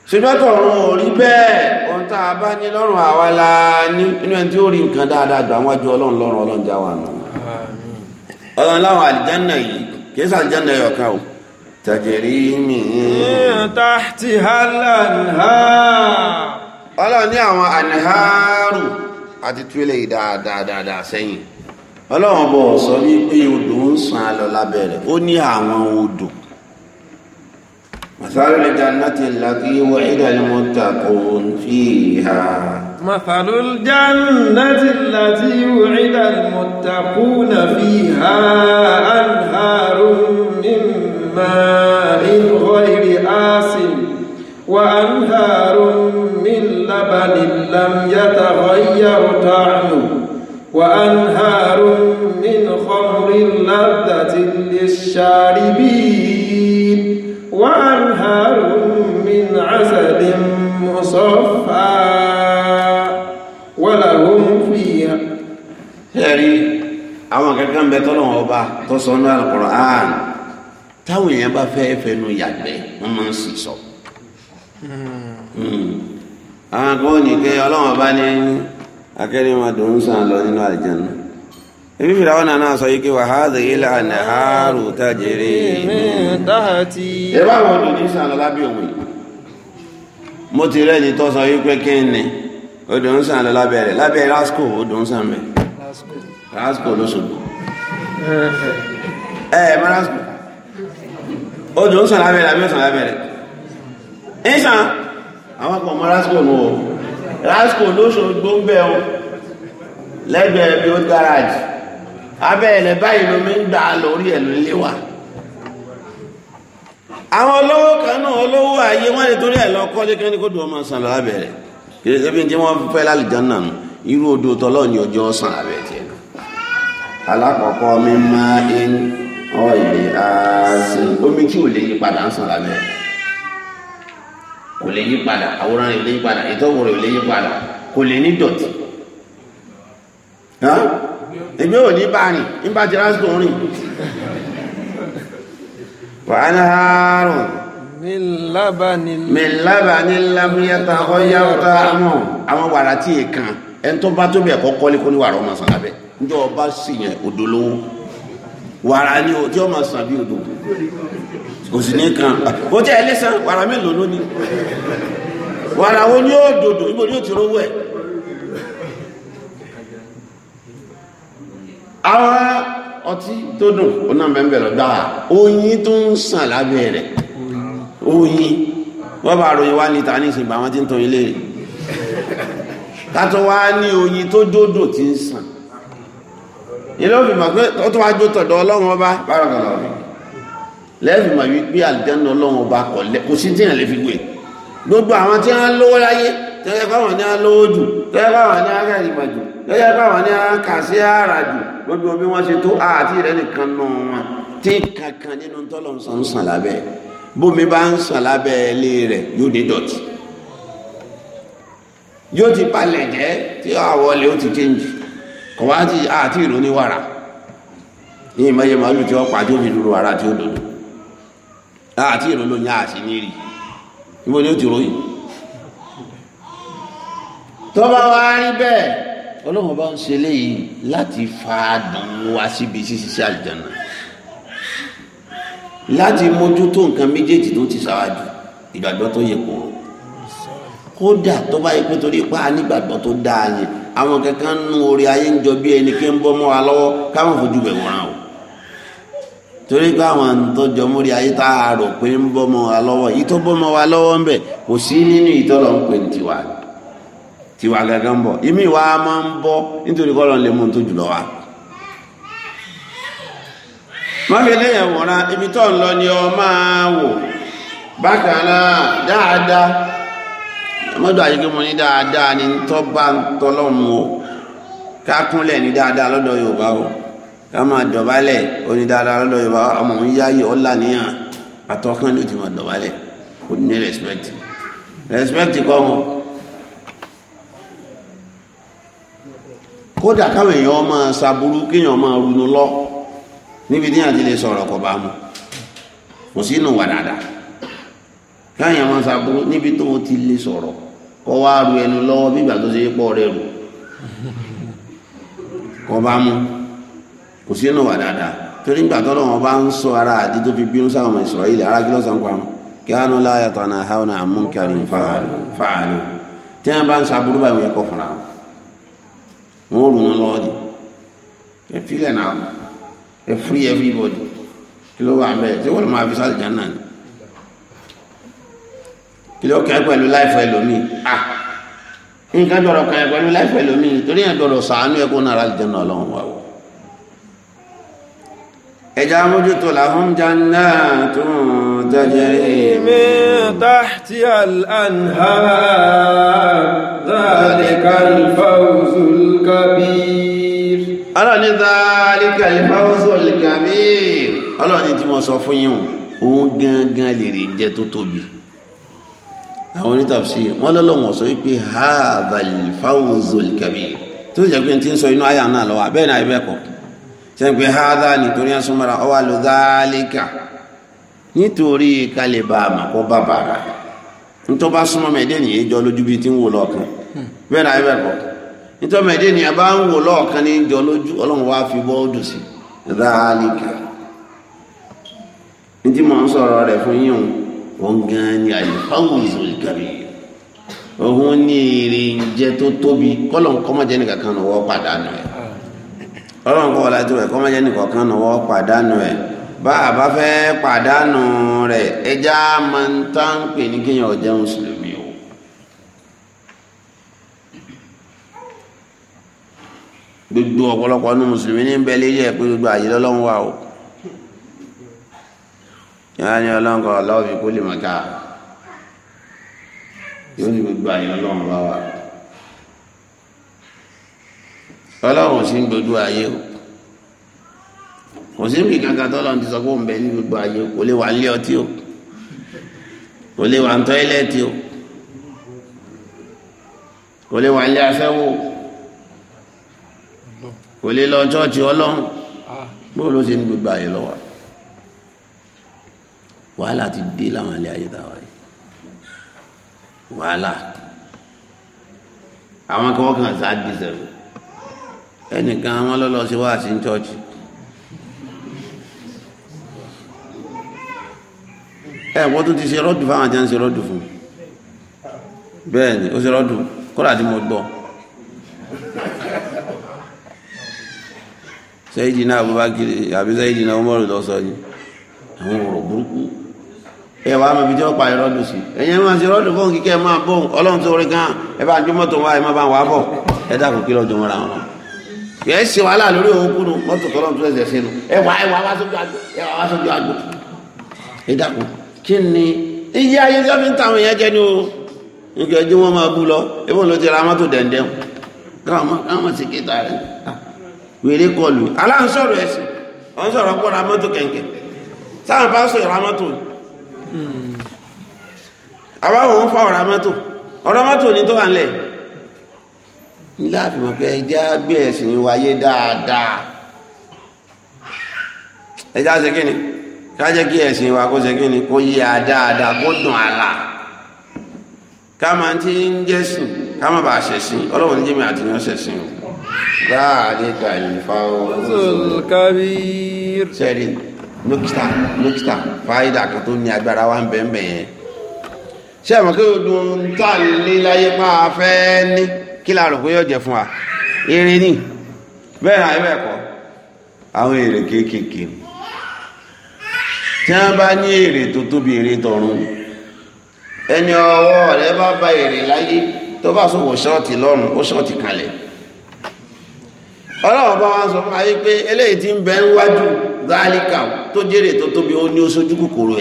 ṣùgbọ́tọ̀ ọ̀run ò rí bẹ́ẹ̀ ohun tá a bá ní lọ́rùn àwa la ní inú ẹni tí ó rí nǹkan dáadáa jù àwọn àjọ ọlọ́run lọ́rùn ọlọ́run já wà nù. ọlọ́run láwọn àlìjánná yìí kì í sàlìjánná yìí ọ̀kan o tàjẹ̀rí mi. tàti hàlànà. ọlọ́run ní àwọn àníhàárù àti túwélé dáadáa sẹ́yìn ọlọ́run bọ̀ sọ wípé odò ń sàn á lọ lábẹ́rẹ̀ ó ní àwọn odò. مثل الجنة التي وعد المتقون فيها مثل الجنة التي وعد المتقون فيها أنهار من ماء غير آس وأنهار من لبن لم يتغير طعمه وأنهار من خمر لذة للشاربين وأنهار من عسل مصفى ولهم فيها يعني àwọn kankan bẹ tọ́lọ̀ wọn ọba tó sọ ní alukur'an táwọn èèyàn bá fẹ́ fẹnu yàgbẹ́ wọ́n máa ń sì sọ. Hmm. àwọn kan ò ní kẹ́ ọlọ́wọ́n ọba ní akẹ́rìnmọ́dún ń sàn lọ nínú àlìjáná ibi fìràwọ̀nà náà sọ yìí kí wà háàzì ilẹ̀ àníhàárù tàjírí tààtì ẹbá àwọn ọdún ní sàn lọ́lábí òun yìí mo ti rẹ́ ní tó sọ yìí pé kí ni odò ń sàn lọ́lábẹ́ rẹ̀ lábẹ́ rasco odò ń sàn mẹ́ rasco ló ṣògbò ẹ ẹ mọ́ rasco odò ń sàn lábẹ́ rẹ̀ àbí ọ̀sàn lábẹ́ rẹ̀ ń sàn àwọn kan mọ́ rasco nù o rasco ló ṣògbò ń bẹ̀ o lẹ́gbẹ̀ẹ́ bí ó gáràjì abẹ́ẹ̀lẹ̀ báyìí lómi ń dà lórí ẹ̀ ló lé wa àwọn olówó kan olówó ayé wọ́n lè torí ẹ̀ lọ kó dùn ọmọ sàn lọ abẹ́rẹ́ kì í ṣe bí wọ́n fẹ́ lálìjá nù irú odò tọ́lọ́ mi máa ń ààzì omi tí ò lè yí padà ń sàn lábẹ́ kò lè yí padà àwòrán èmi ò ní bá rìn ní bá ti rásìkò rìn wàhánàárùn mìlábà ní lábúyẹ́ta ọyá ọ̀tá àmọ́ àwọn wàrà tí èkán ẹni tó bá tó bẹ̀ kọ́ kọ́lé kó ní wàrà ọmọ sàn lábẹ́ níjọ́ ọba sì yẹn odò lówó wàrà ni o tí ọmọ sàn bí odò kò sì ní kan ó jẹ́ ẹlẹ́sàn wàrà mélòó lónìí wàrà wo ni ó dòdò ibo ni ó ti rówó ẹ̀ àwọn ọtí tó dùn ó náà bẹ́ẹ̀ bẹ̀rẹ̀ oyin tó ń sàn lábẹ́ rẹ̀ oyin wọ́n bá ròyìn wá níta ní ìsìnkú àwọn tí ń tọyìn lé wá ní oyin tó jódò tí ń sàn ilé òfin mọ̀ pé ó tó wá jó tọ̀dọ̀ ọlọ́run ọba gbogbo àwọn tí wọ́n lówó láyé tẹ́lẹ̀ fáwọn ní wọ́n lọ́yẹ́ báwọn ní kà sí àràjù gbogbo bí wọ́n ṣe tó àti rẹ̀ nìkan nù wọn tí kankan nínú tọ́lọ̀ ń sàn sàn lábẹ́ bómi bá ń sàn lábẹ́ ilé rẹ̀ yóò ní dọ̀tí yóò ti palẹ̀ jẹ́ tí àwọlé ó ti kéńjì kò wá ti àti ìrò ní wàrà ní ìmọ̀ye màálù tí wọ́n pa tí ó fi dúró wàrà tí ó dòdò àti ìrò ló yá àṣì ní rí ibo ni ó ti ròyìn tó bá wá rí bẹ́ẹ̀ ọlọ́run bá ń ṣe léyìí láti fa àdùn wa síbi ṣíṣiṣẹ́ àlìjànnà láti mójútó nǹkan méjèèjì tó ti ṣáájú ìgbàgbọ́ tó yẹ kó kódà tó bá yẹ pé torí pa nígbàgbọ́ tó dáa yẹn àwọn kankan nù orí ayé ń jọ bí ẹni kí ń bọ́ mọ́ wa lọ́wọ́ káwọn fojú bẹ̀ wọ́n o torí pé àwọn àtọ́jọ mórí ayé tá a rò pé ń bọ́ mọ́ wa lọ́wọ́ ìtọ́ bọ́ mọ́ wa lọ́wọ́ ń bẹ̀ kò sí nínú ìtọ́lọ́ ń pè ní tiwa ni tiwa gangan ń bọ̀ ìmí wa máa ń bọ́ nítorí kọ́ lọ́n lè mú un tó jùlọ wa. mọ́fìlẹ́ yẹn wòran ibi tó ń lọ ni ọ máa wò bákan náà dáadáa mọ́dọ̀ àyíké mo ní dáadáa ni tọ́ bá ń tọ́lọ́mù o ká kúnlẹ̀ ní dáadáa lọ́dọ̀ Yorùbá o ká máa dọ̀bálẹ̀ ó ní dáadáa lọ́dọ̀ Yorùbá ọmọ mi yáyé ọ̀la níyàn àtọ́kán ló ti máa dọ̀bálẹ̀ ó ní respect respect kọ́ wọn. kódà káwọn èèyàn máa ṣàbúrú kéèyàn máa runú lọ níbi tí àti lè sọ̀rọ̀ kò bá mu kò sí inú wà dáadáa káyàn máa ṣàbúrú níbi tó ti lè sọ̀rọ̀ kọ́ wá ru ẹnu lọ́wọ́ bí ìgbà tó ṣe pọ̀ rẹ̀ rù ara àti tó fi bínú sáwọn ara kí á nu wọ́n rùn wọn lọ́wọ́ ni ẹ fílẹ̀ náà ẹ free everybody kí ló wà mẹ́ẹ̀ tí wọ́n máa fi sáré jánà ni kí ló kẹ́ pẹ̀lú láìfẹ́ lómi ah nǹkan dọ̀rọ̀ kẹ́ pẹ̀lú láìfẹ́ lómi torí ẹ̀ dọ̀rọ̀ sàánú ẹ̀kọ́ náà rà jẹ́ náà lọ́wọ́ wa o ẹja mójútó lahum jannatun tajri min tahtiha al-anhar dhalikal fawzul kabir ọlọ́ni dhalikal fawzul kabir ọlọ́ni tí wọ́n sọ fún yín òun gangan lè rí jẹ́ tó tóbi àwọn onítàfsí wọ́n lọ́lọ́wọ́n sọ wípé hadhal fawzul kabir tó jẹ́ pé tí ń sọ inú àyà náà lọ́wọ́ abẹ́ẹ̀ náà ẹgbẹ́ kọ̀ọ̀kan sẹ́yìn pé hádà nítorí ẹ̀ súnmọ́ra ọ wà ló dáálíkà nítorí kálí bá a bá bàrà nítorí súnmọ́ mẹ́ẹ̀dẹ́ nìyẹn lójú bíi tí ń wò lọ́ọ̀kan bẹ́ẹ̀ náà ẹ̀bẹ̀ kọ́ nítorí mẹ́ẹ̀dẹ́ nìyẹn bá ń wò lọ́ọ̀kan ní lójú ọlọ́run wá fi bọ́ dùn sí dáálíkà ní tí ń sọ̀rọ̀ rẹ̀ fún ọlọ́run kọ́ ọ̀làjú rẹ̀ kọ́ mẹ́jẹ́ nìkan kan náà wọ́n pàdánù ẹ̀ bá a bá fẹ́ pàdánù rẹ̀ ẹja máa ń tán pè ní kéèyàn ọ̀jẹ́ mùsùlùmí o gbogbo ọ̀pọ̀lọpọ̀ ọdún mùsùlùmí ní bẹ́ẹ̀ lérí ẹ̀ pé gbogbo àyè lọ́lọ́run wà o yàrá ni ọlọ́run kọ́ ọ̀làwọ̀ fi kó lè mọ̀ká yóò ní gbogbo àyè lọ́lọ́run wà wà o ọlọ́run sí gbogbo ayé o kò sí bí kankan tọ́lọ́run ti sọ pé òun bẹ ní gbogbo ayé kò lè wà ń lé ọtí o kò lè wà ń tọ́ílẹ̀tì o kò lè wà ń lé afẹ́wò kò lè lọ chọ́ọ̀chì ọlọ́run bóò ló ṣe ní gbogbo ayé lọ́wọ́ wàhálà ti dé láwọn ilé ayé tàwa yìí wàhálà àwọn kan sáà gbèsè rẹ̀ ẹnìkan wọn lọ́lọ́ sí wá sí chọ́ọ̀chì ẹ wọ́n tún ti ṣe rọ́dù fáwọn àti ṣe rọ́dù fún bẹ́ẹ̀ ni ó ṣe rọ́dù kọ́lá tí mo gbọ́ sẹ́yìdì náà Abubakar àbí sẹ́yìdì náà Umaru lọ sọ ni àwọn ọ̀rọ̀ burúkú ẹ wàá mọ̀ ibi tí wọ́n pa ìrọ́dù sí ẹ̀yẹ́ máa ṣe rọ́dù fún kíkẹ́ máa bọ̀ ọlọ́run tó rí gan ẹ bá ń jó mọ́tò wá ẹ má bá wà á bọ̀ ẹ dàkú kí lọ́jọ́ mọ́ra wọn yẹ ẹ ṣe wàhálà lórí òun kúrò mọ́tò tọ́lọ́ tó ẹsẹ̀ sínú ẹ wà ẹ wà wá sójú àgbo ẹ wà wá sójú àgbo ẹ dàpọ̀ kí ni iye ayé tí wọ́n fi ń ta àwọn èèyàn jẹ ni o nígbà ẹjọ́ wọn máa bú lọ ebó ló ti ra mọ́tò dẹ̀ndẹ̀ káwọn sì kéta rẹ̀ ah, wèrè kọlù aláǹsọ̀rọ̀ ẹ̀sìn wọ́n sọ̀rọ̀ pọ̀ ra mọ́tò kẹ̀kẹ́ sáwọn bá sọ̀rọ̀ ra mọ́tò àbáwọn fáwọn ra mọ́tò ọ̀rọ̀ mọ́tò ni tó wà ń lẹ̀ nílá àfihàn pé ẹjẹ́ gbé ẹ̀sìn wáyé dáadáa ẹjá ṣe kí ni kájẹ́ kí ẹ̀sìn wa kó ṣe kí ni kó yí a dáadáa kó dùn àlà ká máa ti ń jẹ́sìn ká má bàa ṣẹ̀sìn ọlọ́run ní jẹ́mi àtìyàn ṣẹ̀sìn o dáadéka ìfà ooo sẹ́rí lókítà lókítà fáyidà kan tó ní agbára wa ń bẹ̀ẹ̀ bẹ̀ẹ̀ ṣé àmọ́ kí o dùn tá a lè láyé máa fẹ́ ní. kí la rò pé yóò jẹ fún wa eré ní bẹ́ẹ̀ náà àwọn èrè kéékèèké tí wọ́n bá ní èrè tó tóbi èrè tọ̀run ẹni ọwọ́ rẹ bá bá èrè láyé tó bá ṣọ́ọ̀tì lọ́rùn ó ṣọ́ọ̀tì kalẹ̀ ọlọ́run bá wá sọ ayé pé eléyìí ti ń ń tó jèrè tó tóbi ó ní kòkòrò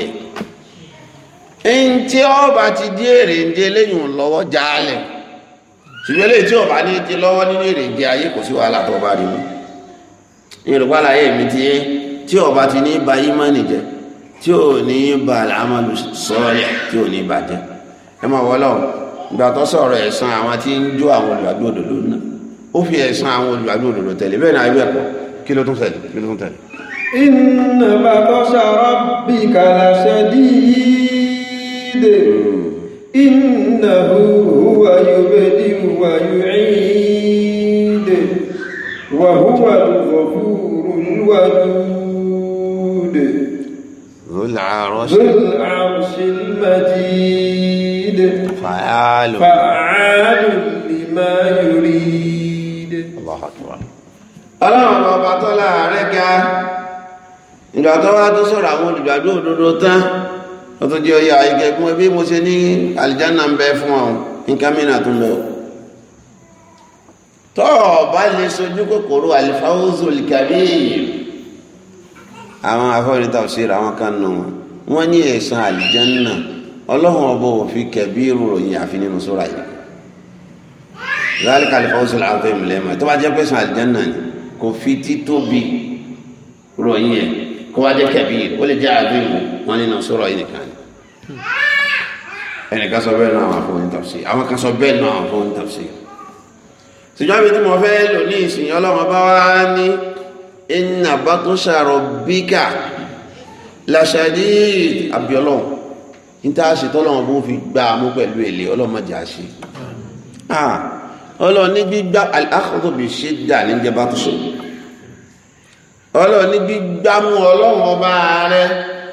ẹ̀ ń tí èrè ń ṣùgbọ́n lè tí ọba ní ti lọ́wọ́ nínú èrè ìgbé ayé kò sí wàhálà tó ọba rí mú yorùbá láyé mi ti yé tí ọba ti ní ba ìmánì jẹ tí ò ní ba àmàlù sọ́ọ̀lẹ̀ tí ò ní bàjẹ́ ẹ máa wọ́lọ́ ìgbà tó sọ̀rọ̀ ẹ̀san àwọn tí ń jó àwọn olùgbàgbé òdòdó náà ó fi ẹ̀san àwọn olùgbàgbé òdòdó tẹ̀lé bẹ́ẹ̀ náà ibẹ̀ kọ́ kí ló tún tẹ̀lé kí ló tún tẹ̀lé. inna batasha rabbika lasadid. إنه هو يبدئ ويعيد وهو الغفور الودود ذو العرش ذو العرش المجيد فعال فعال لما يريد الله أكبر ọlọ́run ọba tọ́lá rẹ̀ ga ìgbà tó wá tó sọ̀rọ̀ àwọn olùgbàgbọ́ òdodo tán wọ́n tó jẹ́ ọyá ayẹ́gẹ́ kún ẹbí mo ṣe ní alìjánà ń bẹ fún ọ nǹkan mìíràn tó lọ tọ́ ọ̀bá lè sojú kòkòrò alifawuzul kabir àwọn afọ́rítà òṣèrè àwọn kan nù wọ́n ní ẹ̀san alìjánà ọlọ́run ọbọ̀ òfin kẹbíìrù ròyìn àfi nínú sóra yìí zalika lè jẹ́ àdúgbò wọn nínú sóra yìí nìkan ẹnìkan sọ bẹ́ẹ̀ náà àwọn afọ ìtàfsí àwọn kan sọ bẹ́ẹ̀ náà àwọn afọ ìtàfsí ṣùgbọ́n mi tí mo fẹ́ lò ní ìsìn ọlọ́run bá wá ní inna batusha rabbika lashadid àbíọ́lọ́run ní tá a ṣe tọ́lọ́run bó fi gba amú pẹ̀lú èlé ọlọ́run má jẹ́ àṣe ọlọ́run ní gbígbá al-akhdhu bi-shiddah níjẹ́ batusha ọlọ́run ní gbígbámú ọlọ́run ọba rẹ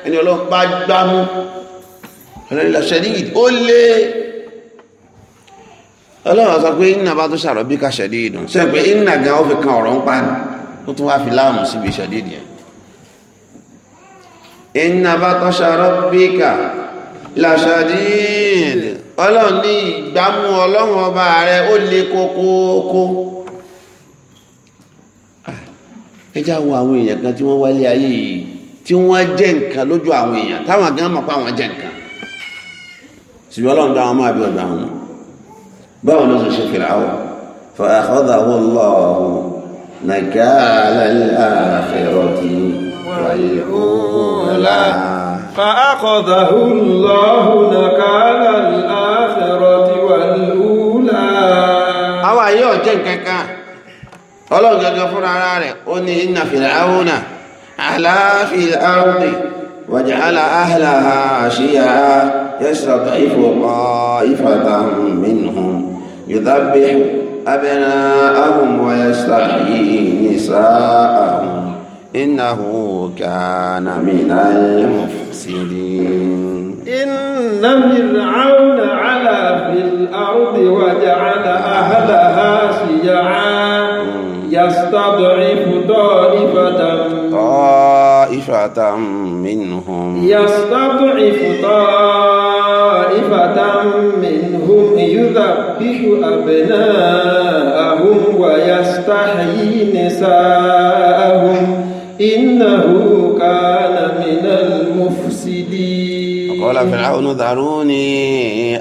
ẹni ọlọ́run bá gbámú ọlọ́rìnlá ṣẹ̀díd ó lé ọlọ́run sọ pé iná bá tó ṣàrọ̀ bí ká ṣẹ̀díd ṣe pé iná gan ó fi kan ọ̀rọ̀ ń pa ní ó tún wá fi láàmù síbi ṣẹ̀díd yẹn iná bá tó ṣàrọ̀ bí ká làṣàdíd ọlọ́run ní ìgbámú ọlọ́run ọba rẹ ó lé kókóókó ah, ẹjá wo àwọn èèyàn kan tí wọ́n wálé ayé yìí tí wọ́n jẹ́ nǹkan lójú àwọn èèyàn táwọn gan mọ̀ pé àwọn jẹ́ nǹkan ṣùgbọ́n ọlọ́run dá wọn máa bí ọ̀dọ̀ àwọn báwo ló ṣe ṣe fìlà áwọ̀ فأخذه الله نكال الآخرة والأولى فأخذه الله نكال الآخرة والأولى àwa yóò jẹ́ kankan ọlọ́run gẹ́gẹ́ fúnra ara rẹ̀ ó ní inna fir'auna ala fil ardi waj'ala ahlaha shiya'a يستضعف طائفة منهم يذبح أبناءهم ويستحيي نساءهم إنه كان من المفسدين إن فرعون علا في الأرض وجعل أهلها شيعا يستضعف طائفة طائفة طائفة منهم يستضعف طائفة منهم يذبح أبناءهم ويستحيي نساءهم إنه كان من المفسدين قال فرعون ذروني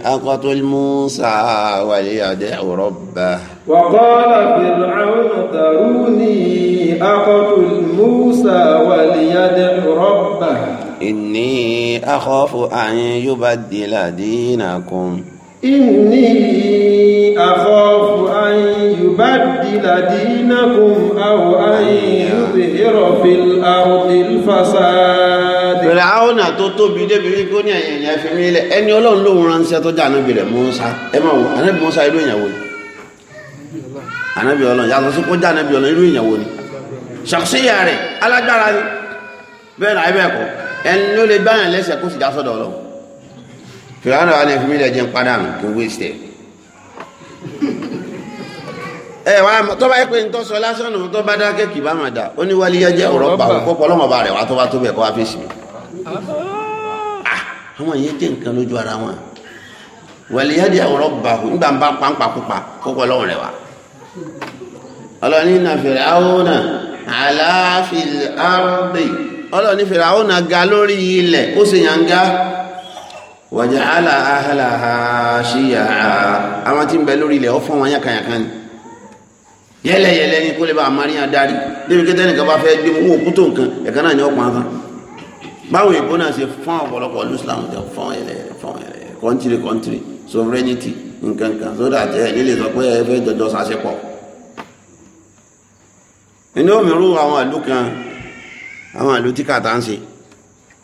أقتل موسى وليدع ربه وقال فرعون ذروني أقتل موسى وليدع ربه إني أخاف أن يبدل دينكم إني أخاف أن يبدل دينكم أو أن يظهر في الأرض الفساد فرعون tó tóbi débi wípé ó ní ẹ̀yìn ẹ̀yìn ẹ̀fẹ̀ mi lẹ̀ ẹni ọlọ́run lóun ránṣẹ́ tó jà náà anabi Ọlọ́run yàtọ̀ sí kó jẹ anabi Ọlọ́run irú èèyàn ni ṣàkóṣeyà rẹ alágbára ni bẹ́ẹ̀ náà ẹbẹ kọ ẹni ló lè gbáyàn lẹ́sẹ̀ kó sì dá sọ́dọ̀ Ọlọ́run fìlànà wà ní ìfúnmílẹ jẹun padànù kí n wéṣẹ ẹ wá tó bá yẹ pé nítorí sọ lásán nù tó bá dákẹ́ bá ó ní wálé ọ̀rọ̀ rẹ̀ wá tó bá ọlọ́ni na fìràúnà aláfìlárọ́bì ọlọ́ni fìràúnà ga lórí ilẹ̀ ó sì yànga wàjá aláhàláhà ṣíyà àwọn tí ń bẹ lórí ilẹ̀ ó fún wọn yàkàyàkà ni yẹ́lẹ̀yẹ́lẹ́ ní kó lè bá àmárí adarí débi kí tẹ́nìkan bá fẹ́ gbé mú òkú tó nǹkan ẹ̀kan náà ni ó pọn kan báwọn èkó náà fún ọ̀pọ̀lọpọ̀ lùsùlámù tẹ fún ẹ̀lẹ́ fún ẹ̀lẹ́ kọ́ńtìrì kọ́ńtìrì sovereignty nǹkan kan so that ẹ eh, nílé sọ pé ẹ fẹ́ jọjọ sàṣepọ̀ nínú òmìnirú àwọn ìlú kan àwọn ìlú tí kàtà ń ṣe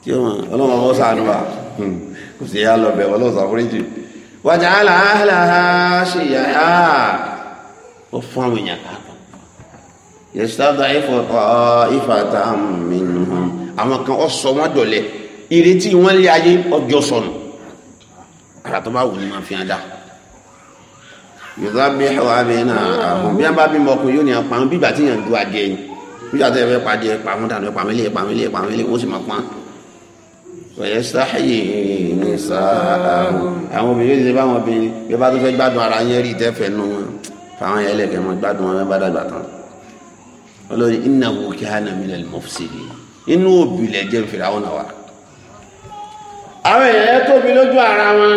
tí wọn ọlọ́wọ́ ọwọ́ sàánú wa hmm. kò sí yá lọ bẹ̀ ọlọ́sàn fúríjì wàjà aláhàlá ṣe yà á ó fún àwọn èèyàn káàkiri yẹ̀sítàdà ìfàtà mìíràn àwọn kan ó sọ wọn dọ̀lẹ̀ ìrètí wọn lé ayé ọjọ́ sọnù ara tó bá wù ní máa fi hàn dá yorùbá bí ẹwà abẹ́yẹn àwọn bí wọn bá bímọ ọkùnrin yóò ní apá wọn bíbà tí yàn ju adìẹ yìí bíbà tí yàn fẹ́ pa adìẹ pa dànù pa wọn lé pa wọn lé pa sì máa pa wẹ̀yẹ sáàyè ní sáà àwọn obìnrin yóò ṣe báwọn obìnrin bí wọn bá tó fẹ́ gbádùn ara yẹn rí tẹ́fẹ̀ nù fáwọn yẹn lẹ̀kẹ́ wọn gbádùn wọn bá àwọn èèyàn tóbi lójú ara wọn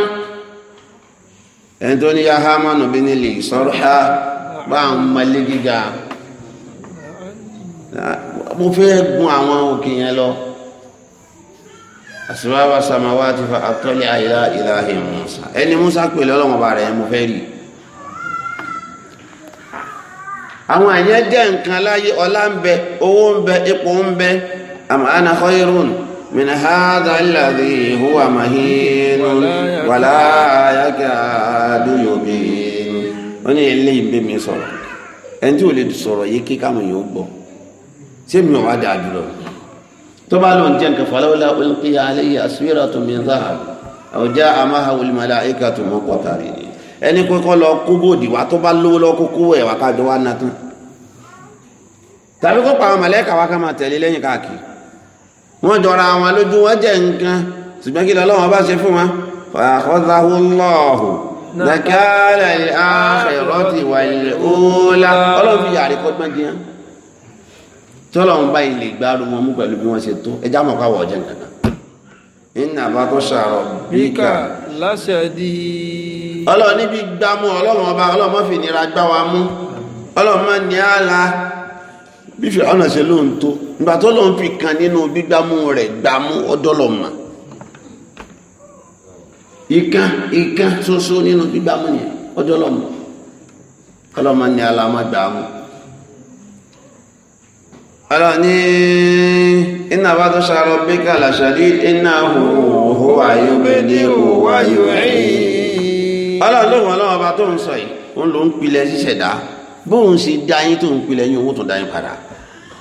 ẹni tó ní ya hamanu bí nílì sọ́rọ̀ ha bá ń malé gíga mo gun àwọn òkè lọ àsìwáwá samawa ti fa àtọ́lẹ̀ àìlá ìlàhìn Musa ẹni Musa pèlè ọlọ́wọ́ bá rẹ̀ mo fẹ́ rí àwọn àyẹ́ jẹ́ nǹkan láyé ọlá ń bẹ owó ń bẹ ipò ń bẹ من هذا الذي هو مهين ولا يكاد يبين wọ́n ní eléyìí ń bẹ́ mi sọ̀rọ̀ ẹni tí ò lè sọ̀rọ̀ yìí kí káwọn yóò gbọ́ ṣé mi ò wá dáa jùlọ tó bá lóun jẹ́ nǹkan falawla ulqiya alayhi aswiratu min zahab aw jaa ma'ahu al malaikatu muqtarin ẹni pé kọ́ lọ kó bòdì wá tó bá lówó lọ kó kó ẹ̀ wá kájọ wá nà tán tàbí kó pa àwọn màlẹ́kà wá ká máa tẹ̀lé lẹ́yìn káàkiri wọ́n jọra wọn lójú wọn jẹ́ nǹkan ṣùgbọ́n kí lọ́lọ́wọ́n bá ṣe fún wọn fàkọ́sáhùnlọ́ọ̀hù nàkàlà àfẹ̀rọ́tì wà ilẹ̀ òòlà ọlọ́run fi yàrá kọ́ gbọ́n jẹun tọ́lọ́run bá ilẹ̀ gbárù wọn mú pẹ̀lú bí wọ́n ṣe tó ẹjá mọ̀ káwọ̀ ọ̀jẹ̀ nǹkan kan iná bá tó ṣàrọ̀ bíkà lásàdí ọlọ́run níbi gbámú ọlọ́run ọba ọlọ́run mọ́fìnira gbá wa mú ọlọ́run mọ́ ní àlá bí fìràwọ̀nà ṣe lóhun tó nígbà tó lóhun fi kan nínú gbígbámú rẹ̀ gbámú ọdọ́lọ́mà ìkan ìkan ṣoṣo nínú gbígbámú yẹn ọdọ́lọ́mà ọlọ́mà ni alámàgbàmú ọlọ́ ní iná bá tó ṣàrọ bí kàlà ṣàdí iná hùhù àyọ̀bẹ̀dẹ̀ hùhù àyọ̀ẹ̀yìn ọlọ́lọ́wọ́ ọlọ́wọ́ bá tó ń sọ yìí òun ló ń pilẹ̀ ṣíṣẹ̀dá bóun sì dá yín tó ń pilẹ̀ yín owó tó dá yín padà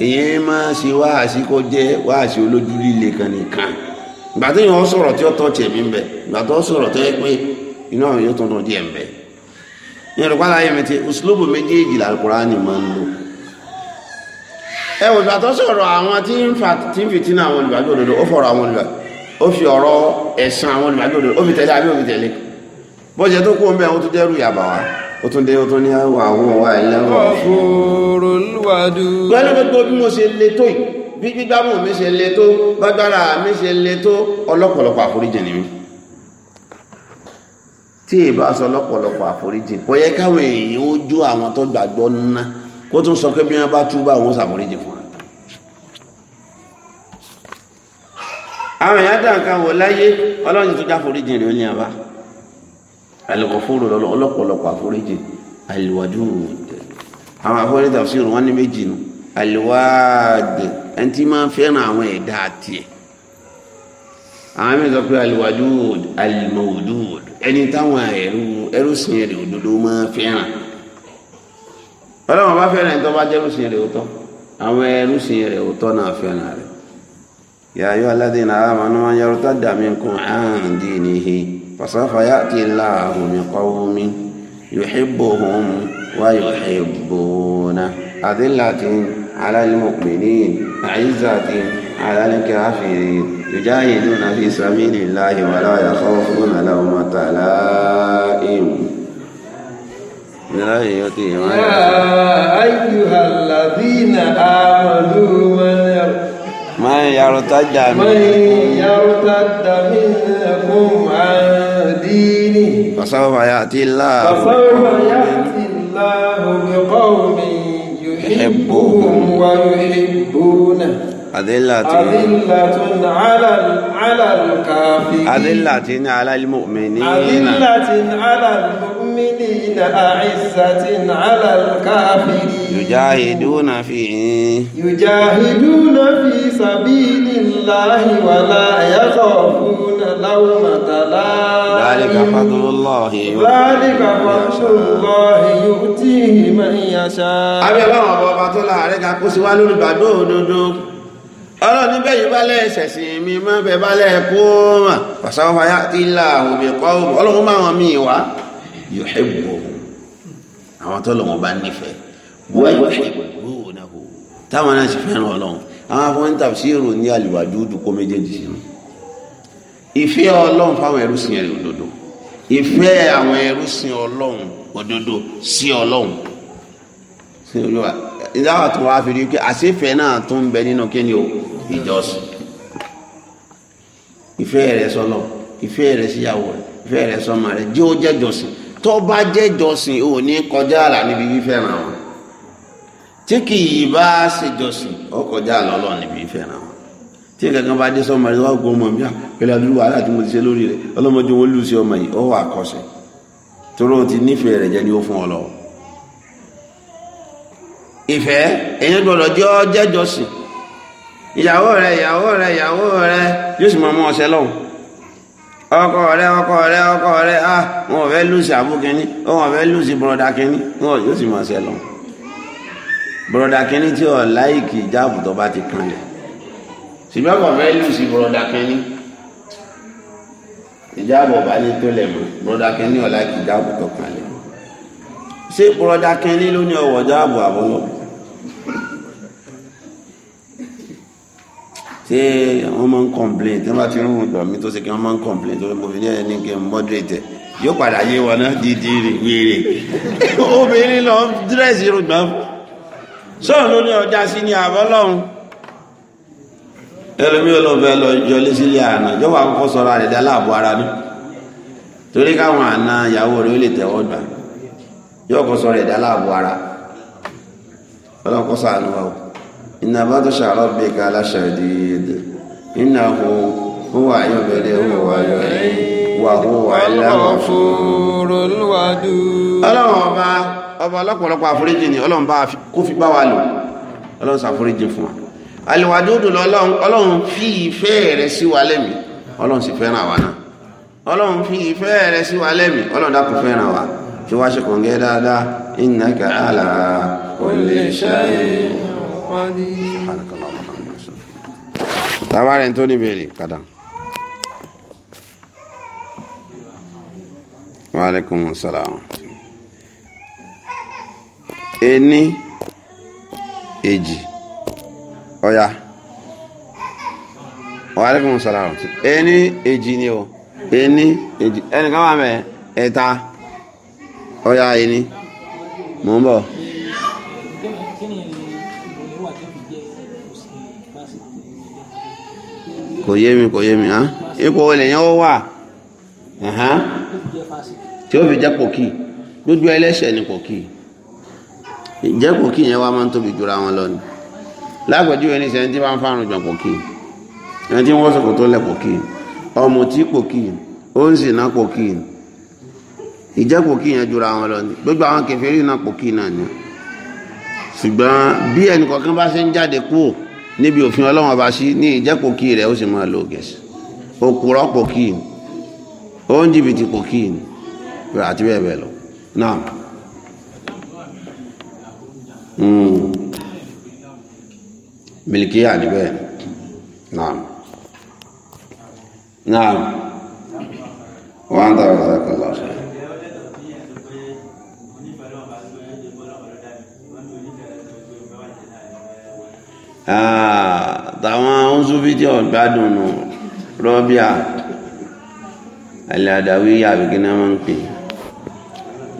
èyí ma ṣe wáàsí jẹ́ wáàsí olójú líle kan nìkan ìgbà tí sọ̀rọ̀ tí ó tọ́ tiẹ̀ mi ń bẹ̀ ìgbà tó sọ̀rọ̀ tó yẹ pé iná àwọn yóò ń ní pàdé ayé mi ti méjèèjì ń lò ẹ ìgbà tó sọ̀rọ̀ àwọn tí ń fi tínú àwọn olùbàdàn òdodo fọ̀rọ̀ àwọn olùbàdàn ó fi ọ̀rọ̀ ó tún dé ó tún ní àwọn àwọn wa ìlẹ́wọ̀ fòrò lúwàdú pẹ̀lú gbogbo bí mo ṣe le tó yìí bí gbígbámù mi ṣe le tó gbágbára mi ṣe le tó ọlọ́pọ̀lọpọ̀ àforíjì ni mi tí èbá sọ ọlọ́pọ̀lọpọ̀ àforíjì kò yẹ káwọn èèyàn ó jó àwọn tó gbàgbọ́ ńná kó tún sọ pé bí wọ́n bá túbọ̀ àwọn ṣàforíjì fún wa àwọn èèyàn dà nǹkan láyé ọlọ́run tó jáforíjì alìkọ̀fóró lọ́pọ̀lọpọ̀ àforíjì alìwàdúùd àwọn àforíjì tafsírù wọn ní méjì nù alìwàdì ẹni tí máa ń fẹ́ràn àwọn ẹ̀dá àti ẹ̀ àwọn mẹ́rin sọ pé alìwàdúùd alìmọ̀wòdúùd ẹni táwọn ẹ̀rú ẹrú sìn ẹ̀rẹ̀ òdodo máa fẹ́ràn ọlọ́run bá fẹ́ràn ẹni tó bá jẹ́rú sìn ẹ̀rẹ̀ òtọ́ àwọn ẹrú sìn ẹ̀rẹ̀ òtọ́ náà fẹ́ràn rẹ̀ yàyọ́ aládìní àwọn àmọ́ فسوف يأتي الله بقوم يحبهم ويحبونه أذلة على المؤمنين عزة على الكافرين يجاهدون في سبيل الله ولا يخافون لومة لائم يا أيها الذين آمنوا من من يرتد منكم من يرتد منكم عن فسوف يأتي الله فسوف يأتي الله بقوم يحبهم ويحبونه أذلة أذلة على على الكافرين أذلة على المؤمنين أذلة على المؤمنين المؤمنين أعزة على الكافرين يجاهدون في يجاهدون في سبيل الله ولا يخافون لومة لائم ذلك فضل الله ذلك فضل الله يؤتيه من يشاء àbí ọlọ́run ọba ọba tó láàrẹ́ ga kó sí wá lórí gbàgbọ́ òdodo ọlọ́run níbẹ̀ yìí bá lẹ́ẹ̀ṣẹ̀sìn mi mọ́ bẹ̀ bá lẹ́ẹ̀kú mà pàṣẹ wọn fàyà tí ìlà òbí kọ́ ọlọ́run máa wọn mí wá yuhibbuhu àwọn tó lọ́wọ́ bá nífẹ̀ẹ́ wọ́n yuhibbunahu táwọn náà sì fẹ́ràn ọlọ́run àwọn afọ́n tafsiru ní àlùwàdúdù kó méjèèjì sínú ìfẹ́ ọlọ́run fáwọn ẹrú sìn ẹ̀rẹ̀ òdodo ìfẹ́ àwọn ẹrú sìn ọlọ́run òdodo sí ọlọ́run sí olúwa ìdáwà tó wá fi rí pé àṣefẹ́ náà tó ń bẹ nínú kíni o ìjọsìn ìfẹ́ rẹ̀ sọlọ ìfẹ́ rẹ̀ síyàwó rẹ̀ ìfẹ́ rẹ̀ sọmọ rẹ̀ jẹ́ ó jẹ́ jọsìn tó bá o jọsìn ò ní kọjá àlà níbi fífẹ́ràn wọn tí kì í bá ṣe jọsìn ó kọjá àlà ọlọ́run níbi fífẹ́ràn wọn tí kankan bá dé sọmọ rẹ wá gbọ́ ọmọ mi à ah, pẹ̀lú àdúrà wàhálà tí mo ti ṣe lórí rẹ ọlọ́mọdé wọn lù sí ọmọ yìí ó wà kọsẹ̀ toró ti nífẹ̀ẹ́ rẹ̀ jẹ́ ni ó fún ọ lọ́wọ́ ìfẹ́ èyí gbọ́dọ̀ jẹ́ ọ jẹ́jọsìn ìyàwó rẹ ìyàwó rẹ ìyàwó rẹ yóò sì máa mú ọṣẹ ọkọ rẹ ọkọ rẹ ọkọ rẹ ah wọn fẹ́ lùsì abúkẹni wọn fẹ́ lùsì bọrọdà kẹni wọn yóò sì máa ṣe lọ bọrọdà kẹni tí ọ láìkì jáàbù tó bá ti kan lẹ ṣùgbọ́n kò fẹ́ lùsì bọrọdà kẹni ìjáàbù ọba ní tó lẹ mọ bọrọdà kẹni ọ láìkì jáàbù tó kan lẹ ṣé bọrọdà kẹni ló ní ọwọ́ jáàbù àbọlọ ṣé wọ́n máa ń complain tí bá ti rún ìgbà mi tó ṣe kí wọ́n máa ń complain tó mo fi ní ẹni kí n yóò padà yé wọn náà dídí obìnrin lọ dírẹ́sì rògbà fún sọ́ọ̀ ló ní ọjà sí ní àbọ́lọ́run ẹlòmí olóòfẹ́ lọ jọlé sílé àná sọ̀rọ̀ ara mi torí káwọn àna ìyàwó ó lè tẹ̀wọ́ gbà yóò kọ́ sọ̀rọ̀ إن بطش ربك لشديد إنه هو يبدئ ويعيد وهو الغفور الودود ọlọ́run ọba ọba ọlọ́pọ̀lọpọ̀ àforíjì ni ọlọ́run bá kó fi bá wa lò ọlọ́run ṣàforíjì fún wa àlùwàdúdù lọ́lọ́run ọlọ́run fi ìfẹ́ rẹ̀ sí wa lẹ́mìí ọlọ́run sì fẹ́ràn wa náà ọlọ́run fi ìfẹ́ rẹ̀ sí wa lẹ́mìí ọlọ́run dákun fẹ́ràn wa fi wá ṣe kọ̀ǹgẹ́ dáadáa innaka ala kulli shay tàbá rẹ̀ tó ní bèèrè padà wa alaikum salam ení èjì ọ̀yá wa alaikum salam ení èjì ni o ení èjì ẹnìkan wà mẹ́ ẹ̀ta ọ̀yá ení mò ń bọ̀. kò yé mi kò yé mi hàn ipò olè yẹn ó wà tí ó fi jẹ́ pòkì lójú ẹlẹ́ṣẹ̀ ni pòkì ìjẹ́ pòkì yẹn wá máa ń tóbi jura wọn lọ ni lágbàjúwe ní sẹ́ni tí wọ́n ń fárun jàn pòkì ẹni tí wọ́n sọ̀kò tó lẹ̀ pòkì ọmọ tí pòkì ó ń sì ná pòkì ìjẹ́ pòkì yẹn jura wọn lọ ni gbogbo àwọn kẹfẹ́rì náà pòkì náà ni ṣùgbọ́n bí ẹnì kọ̀ọ̀kan bá ṣe ń jáde kúrò níbi òfin ọlọ́wọ́n bá sí ní ìjẹ́pò kí rẹ̀ ó sì máa lo gẹ̀ẹ́sì òkúrọ́ pò kí ni ó ń jìbìtì pò kí ni àti bẹ́ẹ̀ bẹ́ẹ̀ lọ náà. Hmm. Milikiya níbẹ̀ náà náà wọ́n á dára sákàlá ṣe. Ah, tàwọn oúnjẹ tí ọ̀gbádùn nù rọ́bíà aláàdáwí àbíkí náà máa ń pè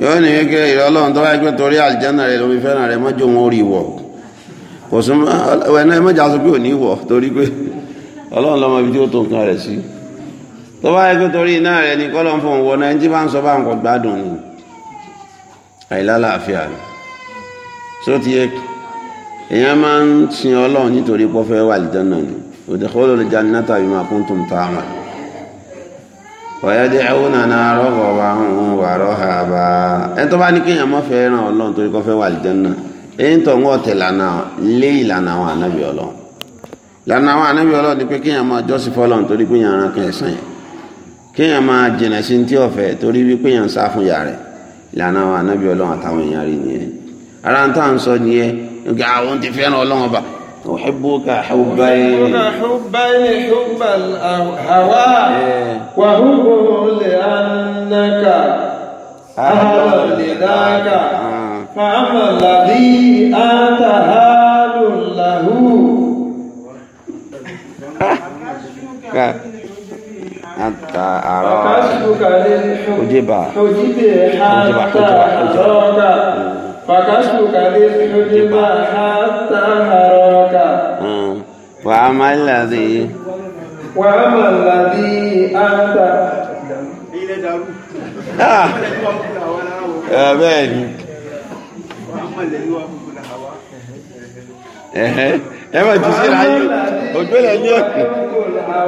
yóò ní wíkẹ́ ìrọlọ́run tó bá gbé torí àlìjánà rẹ̀ lómi fẹ́ràn rẹ̀ mọ́jọ́ wọn orí wọ̀ kò sún ẹ̀nà ẹ̀mọ́jà sọ pé ò ní wọ̀ torí pé ọlọ́run lọ́mọ ibi tí ó tó nǹkan rẹ̀ sí tó bá gbé torí iná rẹ̀ ní kọ́lọ́ ń fòun ẹni tí bá ń sọ bá ń kọ gbádùn ni àìlálàáfíà ni èèyàn máa ń sin ọlọ́run nítorí pọ́ fẹ́ wà lìjọ́ náà ni òdìkọ́lò lè já nínú tàbí máa kún tó ń ta àmà ọ̀yẹ́dẹ́ ẹ̀wọ́n náà náà rọ́gọ̀ wa ń wà rọ́ha bá ẹ tó bá ní kéèyàn má fẹ́ ràn ọlọ́run torí pọ́ fẹ́ wà lìjọ́ náà èyí tó ń wọ́n tẹ̀ lànà lé ìlànà àwọn ànábì ọlọ́run lànà àwọn ànábì ọlọ́run ni pé kéèyàn máa jọ́sìn fọ́lọ́run torí pé yàn rán yẹn ìgbà àwọn ti fẹ́ràn ọlọ́run ọba tó ṣubú ká ṣubá yìí. ṣubá yìí ṣubá àwa wà húbò lè ànáka àhàlọ́ lè dáka fàámà làbí àtàhálù làhù. حتى أراك حجبا حجبا حجبا حجبا فكشفك للحجب حتى هراك وأما الذي وأما الذي أنت يا بني ẹ má jù síra yín ògbélé ní ọ̀pẹ̀.